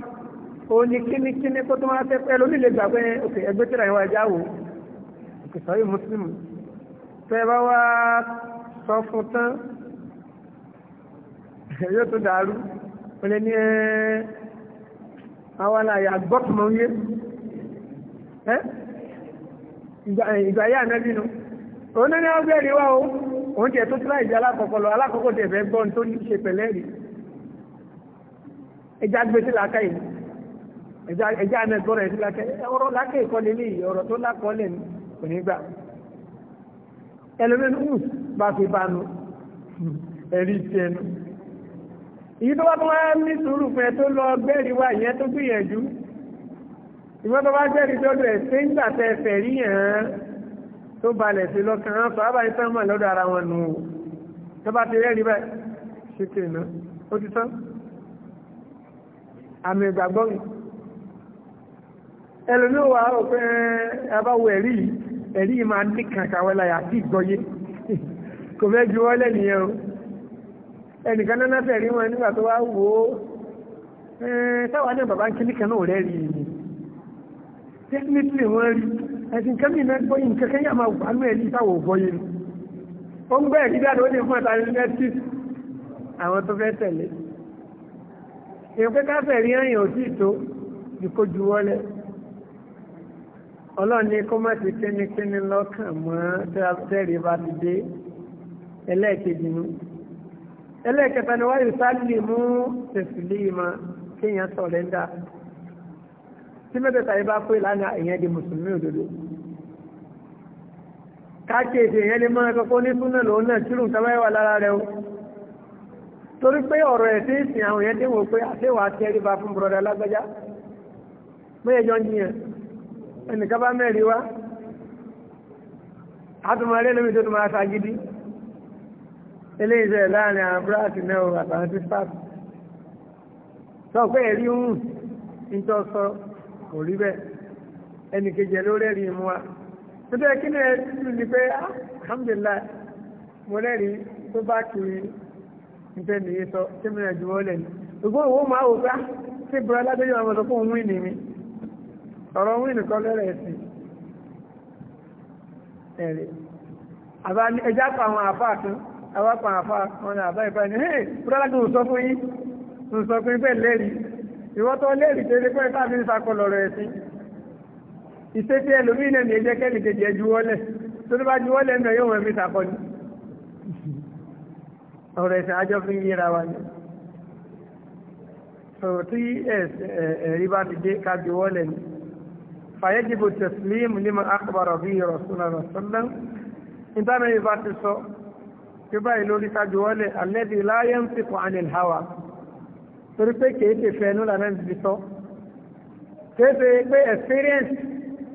òun ni kíníkíní kó tó máa tẹ́ pẹ́ lónìí lè gbà pé òkè ẹgbẹ́ tíra ìwà ẹja wò òkè sọ́yìn mùsùlùmù tẹ́ bá wá sọ fún tán yóò tó dàrú ó lé ní àwọn àlàyé àgbọ́kùnmọ́ yé ìgbà yá ànábì nu òun náà ní wọ́n gbẹ́rì wá o òun tiẹ̀ tó tíra ìjà alákọ̀ọ́kọ́ lọ alákọ̀ọ́kọ́ tiẹ̀ fẹ́ gbọ́n tó ní ṣe pẹ̀lẹ́rì ẹja gbé làákàyè ẹjá náà gbọ́rọ̀ ẹ̀sí lákẹ́ ọ̀rọ̀ lákẹ́ ìkọlẹ̀ ní ọ̀rọ̀ tó lákọọ́lẹ̀ kò ní gbà ẹlẹ́mẹ́nu bá fi bánu ẹ̀rí tiẹnu èyí tó bá tó wá ní sùúrù fún ẹ tó lọ gbẹ́rì wá ìyẹn tó gbìyànjú ìwọ́n tó bá gbẹ́rì lọ́dọ̀ ẹ̀ ṣé ń gbà tẹ ẹ̀fẹ̀ rí yàn tó balẹ̀ sí lọ́kàn án sọ àbáyé tán mọ̀ lọ́dọ̀ ara wọn nù tó bá ti rẹ́rìí báyìí ṣe kìnnà ó ti tán àmì ìgbàgbọ́ yìí ẹlòmí wà rò pé ẹbáwo ẹ̀rí ẹ̀rí máa ní kàkàwẹ́ láyà sí ìgbọ́yé kò fẹ́ ju wọ́n lẹ́nìyẹn o ẹnìkan náà fẹ́ rí wọn nígbà tó wá wò ó táwa náà bàbá nkíní kan náà rẹ́ rí ni technically wọ́n rí ẹ̀sìn kẹ́mí náà gbọ́ yìí kẹ́kẹ́ yà máa wà ní ẹ̀rí táwọn ò gbọ́yé ni ó ń gbẹ́ ẹ̀rí dáadọ́ ní fún ẹ̀ta university àwọn tó fẹ́ tẹ̀lé èèyàn pé káfẹ́ rí ẹ̀yìn òtí ìtó ìkójú wọlé ọlọ́run ní kó má ti kínníkínní lọ́kàn mọ́ tẹ́rì bá ti dé ẹlẹ́ẹ̀kejì nu ẹlẹ́ẹ̀kẹta ni wáyé sáàlì mú tẹ̀sílì mọ́ kéèyàn sọ̀rẹ́ńdà tí mẹ́tẹ̀ẹ̀ta yìí bá pé lánàá èèyàn di mùsùlùmí òdodo káàkiri èèyàn lè máa kọ́kọ́ ní súnà lòun náà tírù tábáyé wà lára rẹ o torí pé ọ̀rọ̀ ẹ̀ tí ń sìn àwọn èèyàn dé wò pé àṣewà tẹ́rì bá fún bùrọ̀dá lágbájá mọ́ ẹ̀jọ́ ń jiyàn ẹnìkan bá mẹ́rin wá àtùmọ̀ rẹ̀ lómi tó tó máa ṣàgídí eléyìí sẹ̀ láàrin àwọn búrásì náà àtàwọn tí spap sọ pé ẹ̀rí ń hùn nítọ́ sọ kò rí bẹ́ẹ̀ ẹnì kejì ló rẹ́rìn mú wa tó kí ni ẹ tún ni pé ah, alhamdulilah mo rẹ́rìn tó bá kiri nífẹ̀ẹ́ nìyí sọ tí mi rẹ̀ jù wọ́n lẹ̀ ní ṣùgbọ́n òun máa wò pé ah, ṣé bùrọ̀ alágbèjọ́ àwọn ọmọ sọ fún òun wí nìyí ọ̀rọ̀ wí nìkan lẹ́rẹ̀ ẹ̀sìn ẹ̀rẹ̀ àbá ní ẹjá pa àwọn àfáà kan àbá pa àwọn àfáà kan ní àbá ìfáà ní hey brọ́lágùn sọ fún yín ń sọ fún bẹ́ẹ̀ lẹ́rìí ìwọ́ tó lẹ́rìí tó lé pẹ́ẹ́ táàbí ń sakọlọ̀ rẹ̀ ẹ̀sìn ìṣe tí ẹlòmíín náà ní ẹjẹ́ kẹ́lì kejì ẹ juwọ́lẹ̀ tó ló bá juwọ́lẹ̀ ń bẹ̀ yóò wọ́n mi sakọni ọ̀rọ̀ ẹ̀sìn ajọ́ fi ń yíra wa ni sọ̀rọ̀ tí ẹ̀rí bá ti dé ká juwọ́lẹ̀ ni. فيجب التسليم لمن أخبر به رسول الله صلى الله عليه وسلم إنما يباتسو يبقى يلولي كجوالي الذي لا ينطق عن الهوى torípé kéèké fẹnu lànà ti sọ kéèké pé experience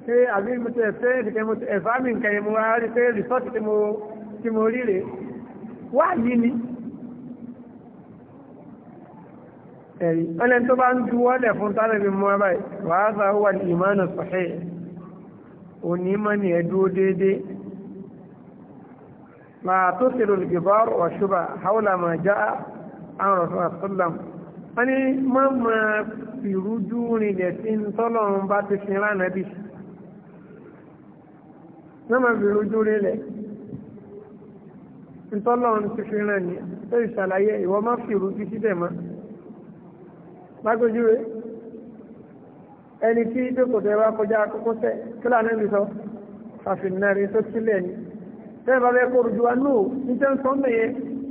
pé àbí mo ti experience kẹ́ mo ti ẹ̀fà mi nǹkan yẹn mo wá rí pé resort tí mo rí ẹ̀rí ọ̀nà tó bá ń juwọ́lẹ̀ fún tánàbí mọ́ báyìí wàá sá wà ní ìmánà sọ̀hẹ́ onímọ̀ ni ẹ dúró déédéé máa tó ṣèlú ìgbàrú ọ̀ṣùbà haúlà máa já àwọn ọ̀sán àṣọlám wọ́n ní mọ́ máa ìrújú rinlẹ̀ sí ń tọ́lọ́run bá ti fi ránà bì mọ́ máa fi ìrújú rinlẹ̀ tọ́lọ́run ti fi ránà ní tó ìṣàlàyé ìwọ má fi ìrújú síbẹ̀ mọ́ lágbójúwe ẹni tí jókòtò ẹ bá kọjá kókósẹ̀ kí lànà mi sọ fàfinnarin tó sílẹ̀ ni tẹ́ bá bẹ́ kó rùjúwa náà ní tẹ́ ń sọ mẹ́yẹ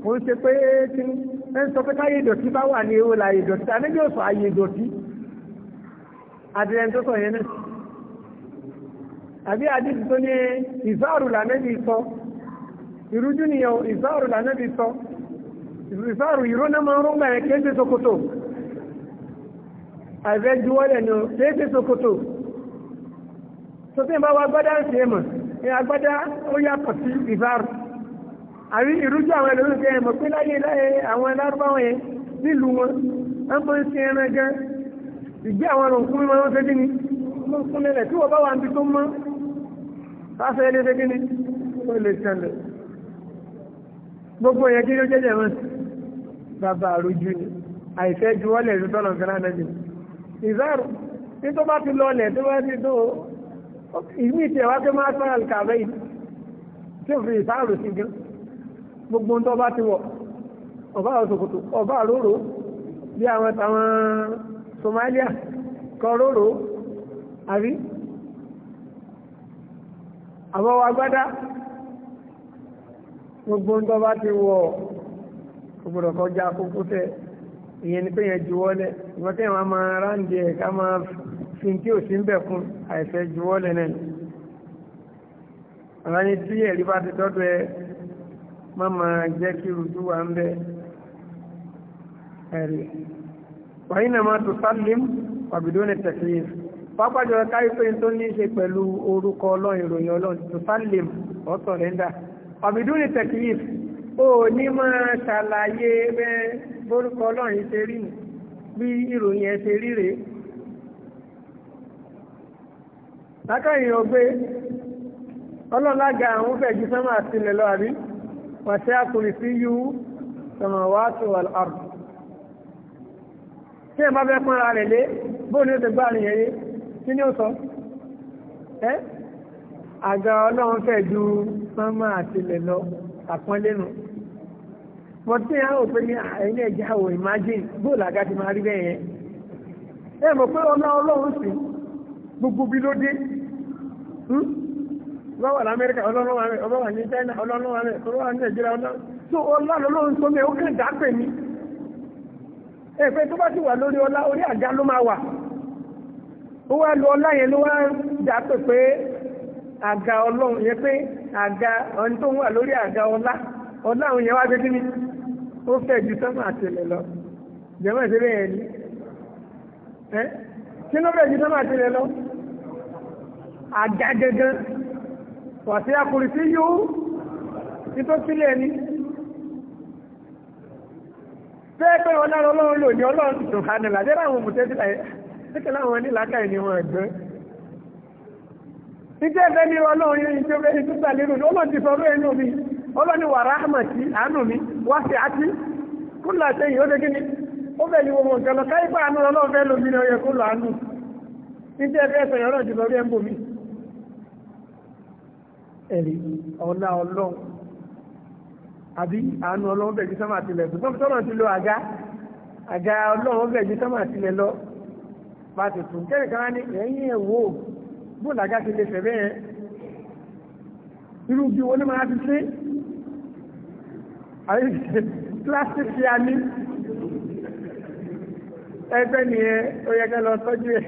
kò ń ṣe pé tí ń sọ pé káyé ìdọ̀tí bá wà ní ewu láyé ìdọ̀tí tàbí yóò sọ ayé ìdọ̀tí àdìrẹ́ tó sọ yẹn náà àbí àdìsí tó ní ìzáàrù lànẹ́bí sọ ìrújú nìyẹn ìzáàrù lànẹ́bí sọ ìzáàrù ìrónà máa ń rọ́ngbà yẹn kéde sokoto àìfẹ́ juwọ́lẹ̀ ni ó kéèké ṣòkòtò tó tí ń bá wa gbádá ń ṣe mọ̀ ní agbádá ó yàtọ̀ sí ìfàrù àrí ìrújú àwọn ẹlòmíràn fi ẹ̀mọ̀ pé láyé láyé àwọn ẹlárúbáwọn yẹn nílùú wọn wọ́n mọ̀ ń ṣe ẹran gan ìgbé àwọn ọ̀rọ̀ òkú mímọ́ ṣe kí ni ló ń kún lẹ̀ tí wọ́n bá wà níbi tó mọ́ fáfẹ́ ilé ṣe kí ni ó lè ṣẹlẹ̀ gbogbo yẹn kí ló jẹ́jẹ̀ mọ́ bàbá àròjù ni àìfẹ́ juwọ́lẹ̀ ìrútọ́nà kan náà ìzẹ́rù tí tó bá ti lọlẹ̀ tó bá ti tó ìmí ìtì ẹ̀wá tó máa sọ àlùkàbẹ́ yìí tí ò fi ìsáàrù sí gan gbogbo tó bá ti wọ̀ ọba òṣòkòtò ọba òróró bí àwọn tàwọn Somalia kọ òróró àbí àwọn wa gbogbo tó bá ti wọ̀ ọgbọ̀dọ̀ kọjá kókó tẹ́ ìyẹn ni pé yẹn juwọ́lẹ̀ ìwọ́tẹ́ ìwọ́n máa ráǹdì ẹ̀ ká máa fi tí ò sí ń bẹ̀ fún àìfẹ́ juwọ́lẹ̀ náà àwọn ẹni tí ẹ̀rí bá ti tọ́dọ̀ ẹ má máa jẹ́ kí rúdú wà ń bẹ ẹ̀rí wàyí náà máa tó sálẹ̀ pàbídó ní tẹ̀síyìn pápájọ káyí pé tó ní ṣe pẹ̀lú orúkọ ọlọ́run ìròyìn ọlọ́run tó sálẹ̀ ọ̀sọ̀rẹ́ndà pàbídó ní tẹ̀síyìn ó ní máa ṣàlàyé bẹ́ẹ̀ bórúkọ ọlọ́run yìí ṣe rí nù bí ìròyìn ẹ ṣe rí rèé lákàyìn ọgbé ọlọ́lága àwọn fẹ̀jú sánmà sílẹ̀ lọ àrí wàṣẹ́ àkùnrin sí yú samawati wal ard tí ẹ bá fẹ́ pọ́nra rẹ̀ lé bóò ní ó ti gbá àríyàn yé kí ni ó sọ ẹ́ àga ọlọ́run fẹ̀jú sánmà sílẹ̀ lọ àpọ́nlénu but tí àwọn òfin ní ẹni ẹ̀jẹ̀ àwọ̀ imagine bóòlù àga ti máa rí bẹ́ẹ̀ yẹn ẹ mọ̀ pé gbogbo bi ló dé lọ́wọ́ hmm? lamẹ́ríkà ọlọ́run wà mẹ́ ọlọ́wà ní China ọlọ́run wà mẹ́ ọlọ́wà ní Nàìjíríà ọlọ́run tó ọlá lọ́lọ́run tó ó kàn ẹ tó bá ti wà lórí ọlá orí àga ló máa wà ó wá lu ọlá yẹn ló wá pé àga ọlọ́run pé àga ó fẹ́ ju sánmà àtìlẹ̀ lọ jẹ́mọ̀ sí bẹ́ẹ̀ ni ẹ́ kí ló fẹ́ ju sánmà àtìlẹ̀ lọ àga gangan wàtí akùnrin sí yóò nítorí sílẹ̀ ni fẹ́ pé ọlọ́run ọlọ́run lò ní ọlọ́run tó hànà lájẹ́ láwọn òmùtẹ́ sílẹ̀ nítorí láwọn ní làákàyè ni wọn ẹ̀gbẹ́ nítorí ẹgbẹ́ ní ọlọ́run yẹn tó fẹ́ tó gbà ní ọlọ́run ti sọ ọlọ́run omi ọlọ́ni wà ráhàmàtí àánú mi wá sí àti kúlà ó dégé ní ó bẹ̀ káyípa àánú lómi ọyẹ àánú níbi ẹgbẹ́ jùlọ rí ẹ̀mbò mi. ẹ̀rí ọ̀la ọlọ́run àbí àánú ọlọ́run bẹ̀ ju sọ́mà tilẹ̀ tó tọ́pọ̀ tọ́nà ti lo àga àga ọlọ́run bẹ̀ sọ́mà tilẹ̀ lọ bá ti tún ní irú bí wọn ní máa fi ṣe plastic tí a ní ẹgbẹ́ nìyẹn ó yẹ ká lọ tọ́jú ẹ̀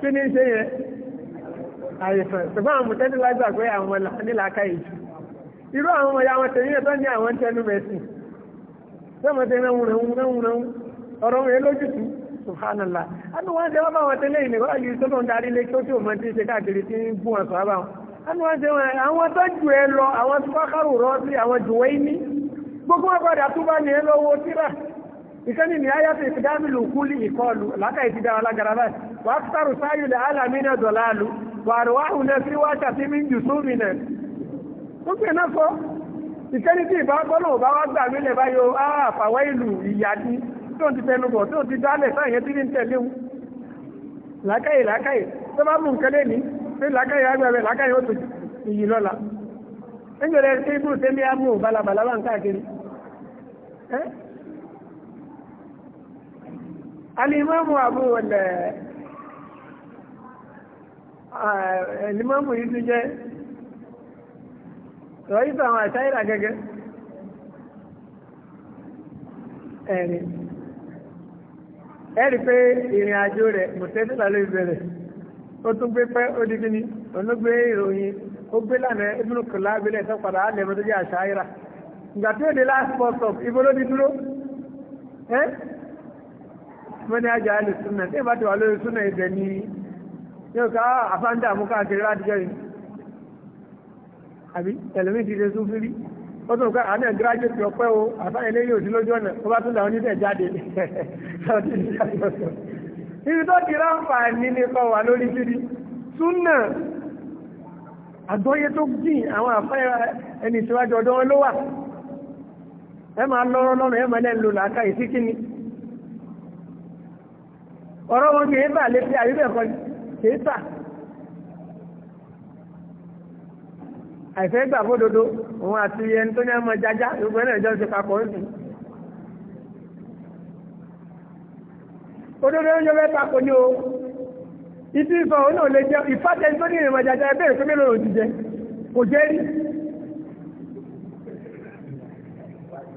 kí ní ṣe yẹn àyẹ̀fẹ̀ ṣùgbọ́n àwọn mùtẹ́ni lágbà pé àwọn nílàáká ìjù irú àwọn ọmọ ya wọn tẹ̀yìn ẹ̀ tó ní àwọn tẹnu mẹ́sìn sọ́mọ tẹ rẹ̀ wùrẹ̀ wùrẹ̀ wùrẹ̀ ọ̀rọ̀ wọn lójútù subhanallah anu wọn ṣe wọn bá wọn tẹ́lẹ̀ ìnìkọ́ yìí tó ló ń darí lé tó tí ò mọ tí ń ṣe káàkiri tí ń bú wọn sọ àwọn anu wọn ṣe wọn àwọn tó ju ẹ lọ àwọn tó kọ́kọ́rù rọ gbogbo ọgbàdà tó bá ní ẹ lọ́wọ́ tíra ìkẹ́ni ni ayá tó ìfidámìlù kúlì ìkọlù láká ìfidá alágara báyìí wà á fítàrù sáyìlẹ̀ alàmínà dọ̀láàlù wà àrùwá hùnẹ sí wáṣà sí mi ń jù sómi nẹ. ó pè náà sọ ìkẹ́ni tí ìbá bọ́lọ̀ ò bá wá gbà mílẹ̀ báyìí ó á àfàwọ́ ìlú ìyá ní tó ti tẹnu bọ̀ tó ti dálẹ̀ sáyẹn tí ń tẹ̀lé wu. làákàyè làákàyè tó bá mú alimamu abu wala alimamu yìí yi jẹ́ rọ́yí fún àwọn àṣáyìrà gẹ́gẹ́ ẹ̀rìn ẹ̀rì pé ìrìn àjò rẹ̀ mùtẹ́sílà ló bẹ̀rẹ̀ ó tún gbé pẹ́ ó di kíní òun ló gbé o ó gbé lánàá ibùdókòlá abilẹ̀ tó ìgbà tí ó last post of ibo ló ti dúró ẹ́ wọ́n ní ajá alẹ́ súnà tí ìbá ti wà lórí súnà ibẹ̀ ni yóò ká àfáńdà mú káàkiri látijọ́ yìí àbí ẹlòmí ti ṣe sún fírí ó tún ká àánú ẹ̀gírájẹ́tì ọpẹ́ o àfáyẹ lẹ́yìn òdí lójú ọ̀nà ó bá tún làwọn oníṣẹ́ jáde ibi tó ti ráǹfààní ni kọ wà lórí fírí súnà àgbọ́yé tó gbìn àwọn àfáyẹ ẹni ìṣíwájú ọ̀dọ́ wọn ló ẹ máa lọ́rọ́ lọ́rùn ẹ máa lẹ́nu lò láàká yìí sí kíni ọ̀rọ̀ wọn kì í bà létí àyíbẹ̀ kan kì í tà àìfẹ́ gbà fódodo òun àti ẹni tó ní ọmọ jájá gbogbo ẹni ìjọ ṣe papọ̀ ń sùn òdodo ń yọbẹ papọ̀ ní o ìtì ìfọ̀ òun náà lè jẹ ìfàtẹ́ni tó ní ìrìnàmọ̀ jájá ẹgbẹ́ ìfẹ́ mélòó lòdì jẹ kò jẹ́ rí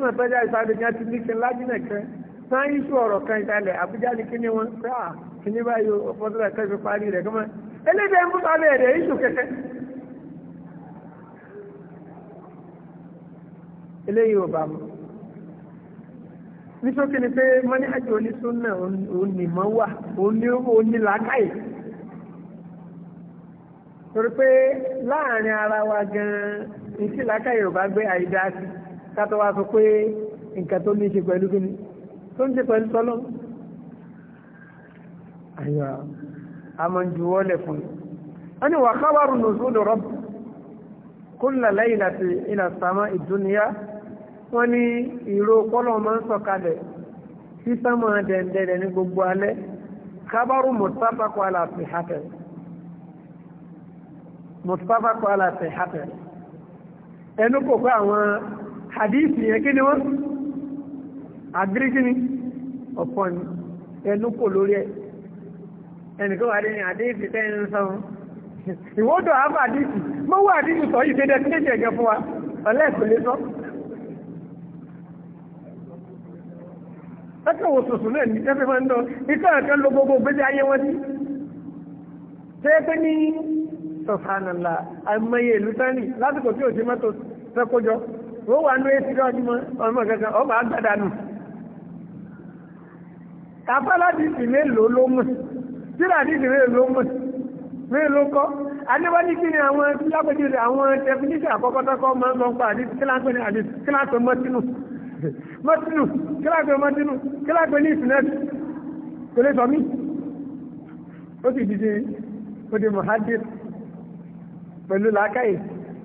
súnmọ̀ tọ́jà ìsáré ní àti níkin lájínà kan sáà ń ṣú ọ̀rọ̀ kan ìtàlẹ̀ àbújá ní kíní wọn sáà kíní báyìí ọ̀pọ̀tọ́lá kan fi parí rẹ̀ kọ́mọ́ eléyìí ń bú sábẹ́ rẹ̀ ìṣù kẹ̀kẹ́ eléyìí ò bá mu ní sókè ni pé mọ́ní àjò onísúnà òun ni mọ́ wà òun ni làákàyè torí pé láàrin ara wa gan-an ìsìlákàyè ò bá gbé àìdá sí i kátó wá sọ pé nǹkan tó ní ṣe pẹ̀lú kíni tó ń ṣe pẹ̀lú tọ́lọ́ àyà àmọ̀júwọ́lẹ̀ fún mi wọ́n ni wà kábàrù nùsùlù rọ́bù kulla laylati ila sama'i dunya wọ́n ní ìró pọ́lọ̀ máa ń sọ̀kalẹ̀ sí sámà dẹ̀ndẹ̀dẹ̀ ní gbogbo alẹ́ kábàrù hadith yẹn kí ni wọ́n agrikini ọ̀pọ̀ ni ẹnu kò lórí ẹ̀ ẹnìkan wà ní àdéhìsì tẹ́ ń sọ ìwọ́dọ̀ àbá àdéhìsì mọ́ wà àdéhìsì sọ yìí tẹ́jẹ́ tẹ́jẹ́ ẹ̀gẹ́ fún wa ọlẹ́ẹ̀kọ́ lé sọ ẹkẹ̀wò sọ̀sùn náà ní tẹ́fẹ́ máa ń lọ ikọ́ ẹ̀kẹ́ ló gbogbo gbẹ́jẹ́ ayé wọn sí tẹ́ẹ̀pẹ́ ní sọ̀fánàlà àmọye ìlú tánì lásìkò tí ò ó wà ní èsì lọ́dúnmọ́ ọmọ kankan ọmọ agbádànù afáládìsì mélòó ló mọ̀ síládìsì mélòó mọ̀ mélòó kọ́ adébájí kí ni àwọn lápẹjù àwọn tẹfinísì àkọ́kọ́tọ́kọ́ máa ń sọ pa àdìsí kíláàpẹ́ ní àdìsí kíláàpẹ́ mọ́tínù mọ́tínù kíláàpẹ́ mọ́tínù kíláàpẹ́ ní ìsìnẹ́tì kò lè sọ mí ó sì dìde ó di mọ̀hádìsì pẹ̀lú làákàyè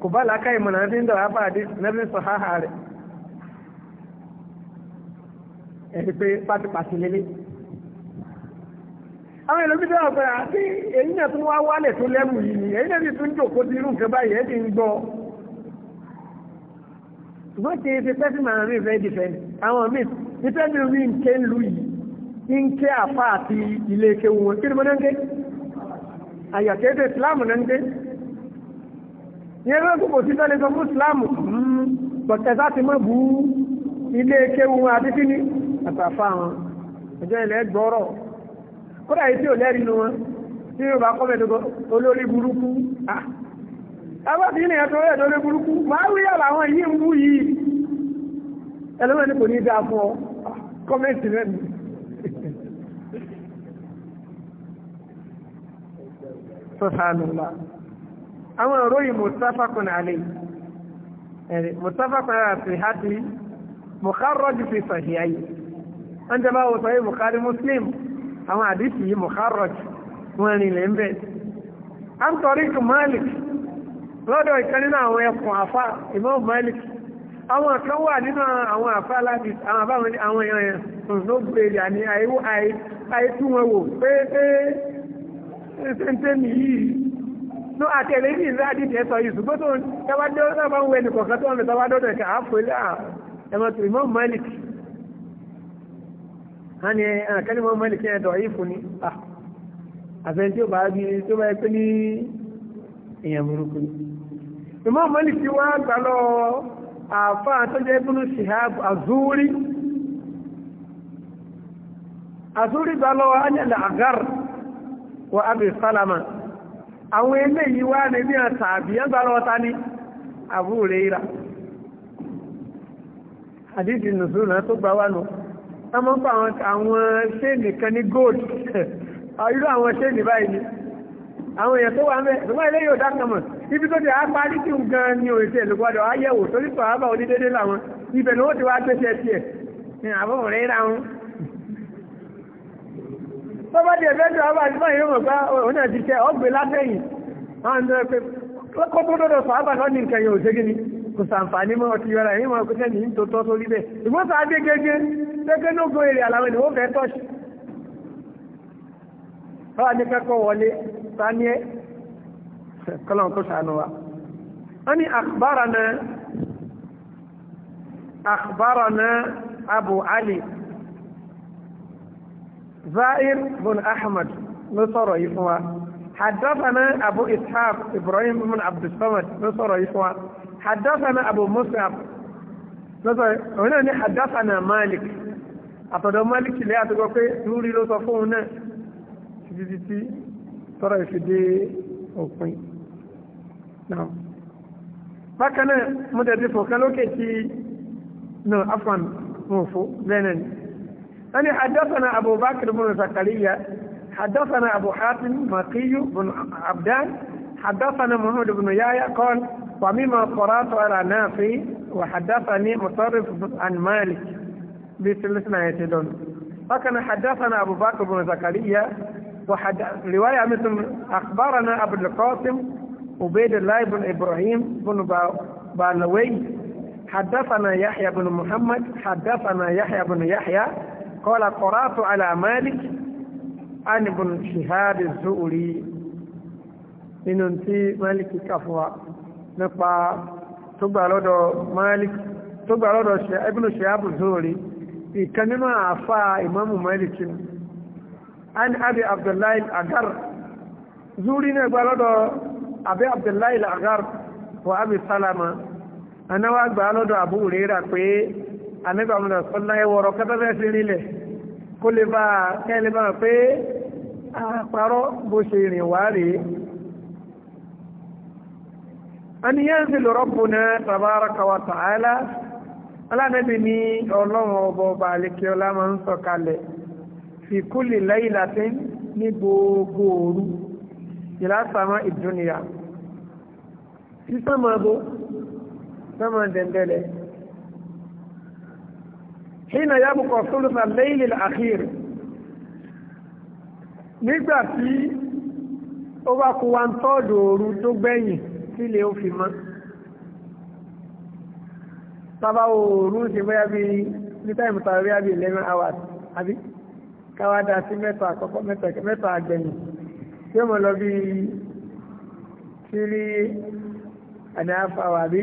kò bá làákà ìmọ̀ náà fi ń dọ̀rọ̀ apá àdé nẹ́bí sọ háhà rẹ̀ ẹni pé pátipàti lélẹ̀. àwọn ìlòmí tó ọ̀pẹ́ àti ah, èyí náà tún wá wálẹ̀ tó lẹ́mù yìí ni èyí náà sì tún jòkó sí irú nǹkan báyìí ẹ̀dì ń gbọ́ ṣùgbọ́n kì í ṣe pẹ́sì màá rí ìfẹ́ dìfẹ́ǹdì àwọn míì ìfẹ́ mi rí nǹkẹ́ ń lu yìí nǹkẹ́ àfa àti ilé ìkéwu wọn kí ni mo náà ń gé àyàkẹ́ ìyẹn náà kò sí tẹ́lẹ̀ sọ fún ìsìláàmù hmm. bọ̀tẹ̀sá ti mọ́ bú ilé kéwu àti kíní àtàfà wọn ọjọ́ ilẹ̀ gbọ́rọ̀ kódà yìí tí ò lẹ́rìí nu wọn tí yóò bá kọ́ mẹ́tò olórí burúkú abáàbí ah. ní ẹ̀tọ́ rẹ̀ lórí burúkú máa wí yàrá àwọn yìí ń bú yìí ẹlẹ́wọ̀n ní kò ní dáa fún ọ kọ́mẹ́ǹtì ah, rẹ̀ mi. sọ́sánù ńlá àwọn òróyìn mustafakun alẹ́ ẹ̀rẹ̀ mustafakun alẹ́ fi hati mukharraj fi sahihayi wọ́n jẹ́ báwo sọ yìí bukhari muslim àwọn àdìsí yìí mukharraj wọn ni ilẹ̀ ń bẹ̀ an tariq malik lọ́dọ̀ ìkan nínú àwọn ẹkùn àfá imam malik àwọn kan wà nínú àwọn àfá láti àwọn àbáwọn àwọn èèyàn hmm, ló àtẹ̀lé ní ìlú àdìtẹ̀ sọ yìí ṣùgbọ́n tó tẹ́wájú ọ̀sán wẹ ní kọ̀ọ̀kan tó ń lọ tọ́wádọ́dọ̀ ẹ̀ka àfọlẹ́ ẹ̀mọ̀ tó Imam Malik a ní àkẹ́lẹ́ Imam Malik yẹn dọ̀ yìí fún ni àfẹ́ni tí ó bá bí tó bá pé ní èèyàn burúkú ni Imam Malik wá gbà lọ àfa àtọ́jọ́ Ibn Shihab Azuri Azuri gbà lọ ányàlà àgàr wa Abi Salama àwọn eléyìí wá ní ní ọ̀sán àbí ẹgbàrá ọ̀tá ní àbúrò ìrà àdíjì nùsùlùmí tó gbà wà nù wọ́n mọ́ pa àwọn ṣéènì kan ní gold irú àwọn ṣéènì báyìí ni àwọn èèyàn tó wà mẹ́ ṣùgbọ́n ilé yóò dákàmọ̀ ibi tó ti á parí tí gan ni òṣèlú ẹ̀lùgbọ́dọ̀ ayẹ̀wò torí pàápàá onídéédé làwọn ibẹ̀ ni wọ́n ti wá gbéṣẹ́ tiẹ̀ àbọ̀rẹ́ ra wọn tó bá dẹ̀ fẹ́ tó àwọn àdúgbò yìí mọ̀ pé òun náà ti tẹ ọgbẹ́ látẹ̀yìn àwọn ọ̀dọ́ pé kó tó dọ̀dọ̀ sọ àbà náà ní nǹkan yẹn ò ṣe kíni kò sàǹfààní mọ́ ọtí yọra yìí mọ̀ pé sẹ́ni ń tó tọ́ sórí bẹ́ẹ̀ ìgbọ́n sá dé gẹ́gẹ́ gẹ́gẹ́ ló go èrè àlàwọn ènìyàn fẹ́ tọ́ṣì. báwa ní kẹ́kọ̀ọ́ wọlé sáníẹ́ kọ́lọ́n kó sànù wa. Abu Ali zair bin ahmad ló sọ̀rọ̀ yìí fún wa حدثنا أبو إسحاق إبراهيم بن عبد الصمد نصر يسوع حدثنا أبو مصعب نصر هنا حدثنا مالك أتدو مالك لا تقول نوري لو صفونا تجدتي ترى يفدي أوكي نعم فكان مدرسه كان لوكي نعم عفوا موفو بينني أنا حدثنا أبو بكر بن زكريا حدثنا أبو حاتم مقي بن عبدان حدثنا محمد بن يايا قال ومما قرأت على نافي وحدثني مصرف عن مالك بسلسنا يتدون فكان حدثنا أبو بكر بن زكريا وحد... رواية مثل أخبرنا أبو القاسم عبيد الله بن إبراهيم بن بالوي حدثنا يحيى بن محمد حدثنا يحيى بن يحيى قال قرأت على مالك عن ابن شهاب الزهري من في مالك كفوا نبا تبع لدو مالك تبع لدو ابن شهاب الزهري كان عفا إمام مالك عن أبي عبد الله الأجر زوري نقع لدو أبي عبد الله الأجر وأبي سلمة أنا وأقبل لدو أبو هريرة àníbà mọ̀nà sọ́lá ẹwọ̀rọ̀ kẹtẹ́fẹ́ fi rinlẹ̀ kó lè bá kẹ́lẹ́ bá pé àparọ́ bó ṣe rìn wá rèé an yanzilu rabbuna tabaraka wa ta'ala alanabi ni ọlọ́run ọbọ̀ ọba àlekẹ́ ọlá máa ń sọ̀kalẹ̀ fi kulli laylatin ní gbogbo òru ila ìdúnìyà sí bó sánmà dẹ̀ndẹ̀lẹ̀ hínà yábùkọ̀ sólùsà lẹ́yìn الأخير، nígbà tí ó bá kú wa ń tọ́ọ̀dù òru tó gbẹ̀yìn sílé ó fi mọ́ tábà òru ṣe bóyá bí ní táìmù tàbí bóyá bí eleven hours àbí káwá dá sí mẹ́ta àkọ́kọ́ mẹ́ta àgbẹ̀yìn tí ó mọ̀ lọ bí three and a half hour àbí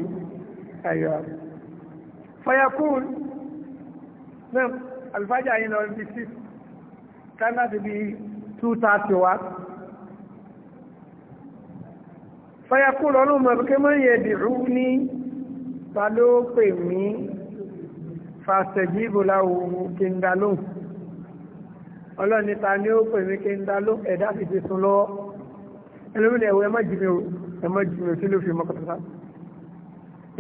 ayọ̀ fayakun náà àlùfájà yìí lọ bí six kánà ti bí two thirty wa. fayakú lọ́nà mọ̀lùkẹ́ mọ́ yẹ dìrú ní ta ló pè mí fàṣẹ̀jíbò láwùú kí n dá lóhùn ọlọ́ni ta ni ó pè mí kí n dá lóhùn ẹ̀dá sì ti sun lọ́wọ́ ẹlòmínà ẹ̀wọ̀ ẹ̀ má jí mi o ẹ̀ má ló fi mọ́ kọ́tà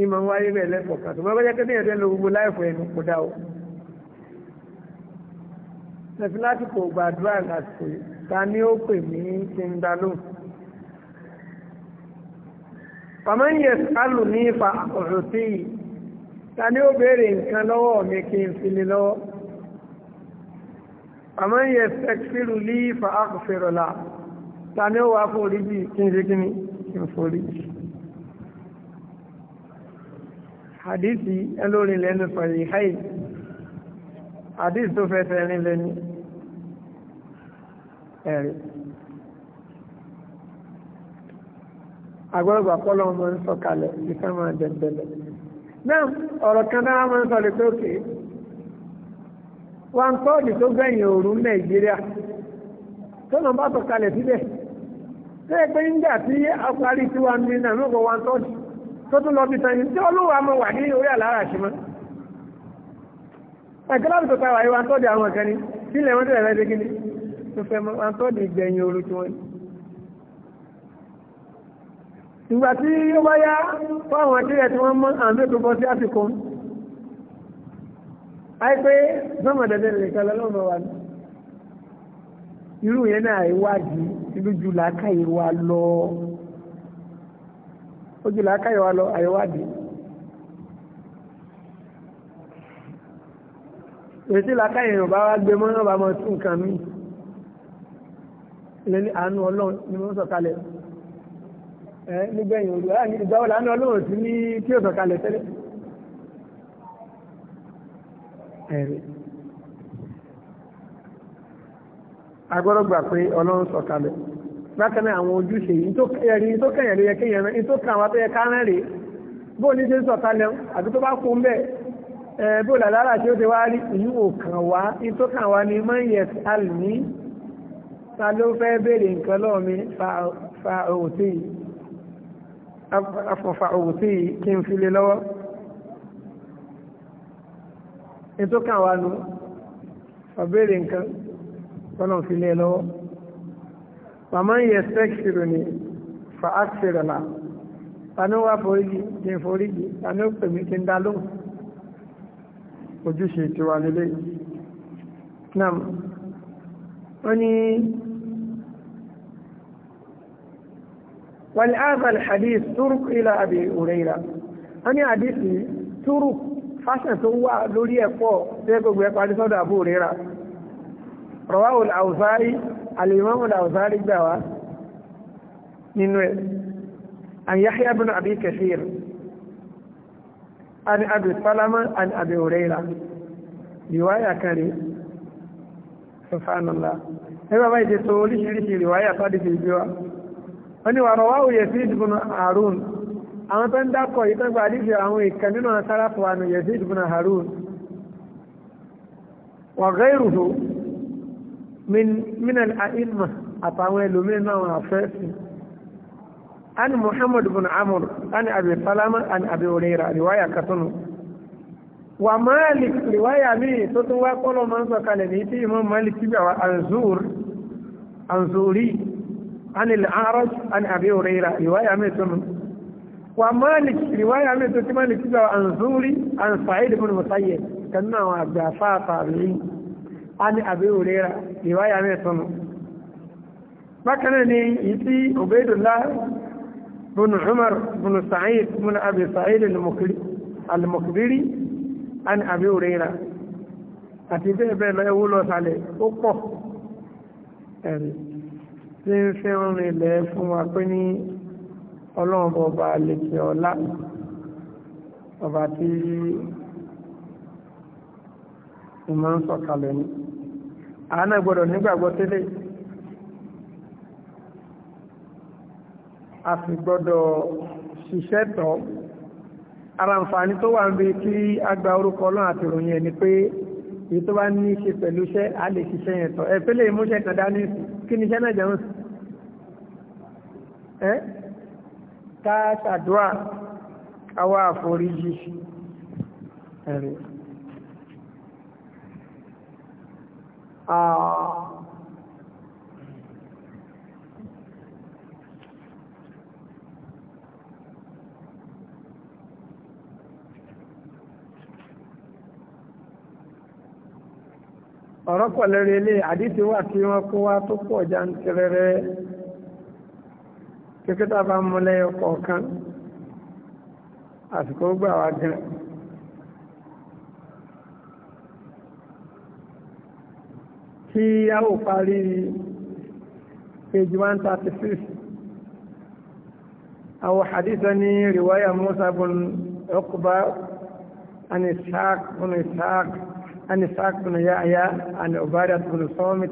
ìmọ̀ wáyé bẹ́ẹ̀ lẹ́fọ̀ọ́ kàtó mọ́ bá jẹ́ kẹ́tẹ́yẹ̀ ṣẹ̀fí láti kò gbàdúrà lásìkò yìí ta ni ó pè mí ti ń dá lóhùn. Fàmọ́ ń yẹ sálù ní ipa ọ̀rọ̀ sí yìí, ta ni ó béèrè nǹkan lọ́wọ́ mi kí n fi lè lọ́wọ́. Fàmọ́ ń yẹ sẹ́kṣírù ní ipa àkùfẹ̀rọ̀là, ta ni ó wà fòrí jì kí n ṣe kí ni kí n fòrí jì. ẹlórin lẹ́nu fàyè háyìí. àdìs tó fẹsẹ̀ rìn lẹ́ni ẹ̀rí agbọ́dọ̀gbà pọ́lọ́ ọmọ ń sọ kalẹ̀ ìfẹ́ máa dẹ̀ndẹ̀lẹ̀ náà ọ̀rọ̀ kan dára máa ń sọ lè pé òkè wa ń tọ́ọ̀dì tó gbẹ̀yìn òòrùn nàìjíríà tó nà bá sọ kalẹ̀ síbẹ̀ tó yẹ pé nígbà tí afárí tiwa ń náà tọ́ọ̀dì tó tún lọ bí sẹ́yìn tí olúwa wà àkíláàbù tó tàwà yìí wà tọ́dì àwọn kan ní sílẹ̀ wọ́n tẹ̀lẹ̀ ṣe kíní tó fẹ́ wà tọ́dì ìgbẹ̀yìn ooru tí wọ́n ní. ìgbà tí ó bá yá fáwọn akílẹ̀ tí wọ́n mọ́ àǹdó tó bọ́ sí àsìkò àìpé sọ́mọ̀dẹ̀dẹ̀ lè kalẹ̀ lọ́mọ wa ní. irú yẹn náà ìwádìí ìlú ju làákàyè wa lọ ó ju làákàyè wa lọ àìwádìí èsì làkàyè ọba wa gbé mọ́ ọba mọ́ tún nǹkan mí lẹ́ni àánú ọlọ́run ni wọ́n sọ̀kalẹ̀ ẹ nígbẹ̀yìn olùwà ní ìgbàwọ̀ lánà ọlọ́run sí ní tí ó sọ̀kalẹ̀ tẹ́lẹ̀ ẹ̀rẹ̀ agbọ́dọ̀ gbà pé ọlọ́run sọ̀kalẹ̀ bákan náà àwọn ojúṣe yìí tó kẹyìn tó yẹ kéyìn rẹ tó kàn wá tó yẹ ká rẹ̀ rè bóun ní ṣe sọ̀kalẹ̀ àti tó bá kún bẹ́ẹ̀ ẹ̀ẹ́bù làlára tí ó ti wá rí ìyúwò kàn wá ìtó kàn wá ní mọ́yẹ̀ alìní ta ló fẹ́ bèèrè nǹkan lọ́wọ́ mi fa òwòtí afọ̀fà òwòtí kí n fi lè lọ́wọ́ ìtó kàn wá nù fa bèèrè nǹkan lọ́nà fi lè lọ́wọ́ màmá yẹ sẹ́kìrì ni fa áṣìrìlà ta ló wá foríjì kí n foríjì ta ló pèmí kí n dá lóhùn ojúṣe tiwa lélẹ̀ náà wọ́n ní wọ́n ní azal hadith turuk ila abi ureira wọ́n ní hadith turuk fashion tó wà lórí ẹ̀pọ̀ tẹ́ gbogbo ẹ̀pọ̀ adisọ́dọ̀ abu ureira rọwáwò àwùsárí alìmọ́mù àwùsárí gbà nínú ẹ̀ an yahya bin abi kathir an abi salama an abi huraira riwaya kare subhanallah ẹgbẹ́ bá ìdè tó oríṣiríṣi riwaya sáàdì fi bí wa wọ́n ni wà rọwá Yazid ibn Harun àwọn tó ń dákọ̀ yìí tó gba àdíjẹ àwọn ìkà nínú sáráfù ànà Yazid ibn Harun wa ghayruhu min عن محمد بن عمرو عن أبي سلمة عن أبي هريرة رواية كتنو ومالك رواية لي تتوى قولوا من سكال ليتي إمام مالك تبع أنزور أنزوري عن الأعرج عن أبي هريرة رواية ميتنو ومالك رواية لي تتوى مالك تبع أنزوري عن سعيد بن مسيب كنا وأبدافا طابعين عن أبي هريرة رواية ميتنو ما كان لي يتي عبيد الله بن عمر بن سعيد بن أبي سعيد المخبري عن أبي هريرة أتبع بلا يقول عليه أقف tí ń fi ń rinlẹ̀ fún wa pé ní ọlọ́run ọba àlèkè ọlá ọba tí ìmọ̀ ń sọ̀kalẹ̀ ní àánà gbọ́dọ̀ nígbàgbọ́ tẹ́lẹ̀ yìí a sì gbọ́dọ̀ ṣiṣẹ́ tọ́ ara àǹfààní tó wà ń bí kí a gba orúkọ ọlọ́run àti ìròyìn ẹni pé èyí tó bá ní ṣe pẹ̀lú iṣẹ́ a lè ṣiṣẹ́ yẹn tọ́ ẹ̀fẹ́ lè mú iṣẹ́ kan dání kí ni iṣẹ́ náà jẹun sí ẹ́ ká ṣàdúrà káwá àforíjì ẹ̀rẹ̀. ọ̀rọ̀ pọ̀ lórí ilé àdìsí wà tí wọ́n kó wá tó pọ̀ jàǹtìrẹrẹ kíkítà bá mú lẹ́yọ kọ̀ọ̀kan àsìkò gbà wá gan. kí a ó parí page one thirty six àwọn hadith ní riwaya musa bin uqba an عن إسحاق بن يحيى عن عبادة بن صامت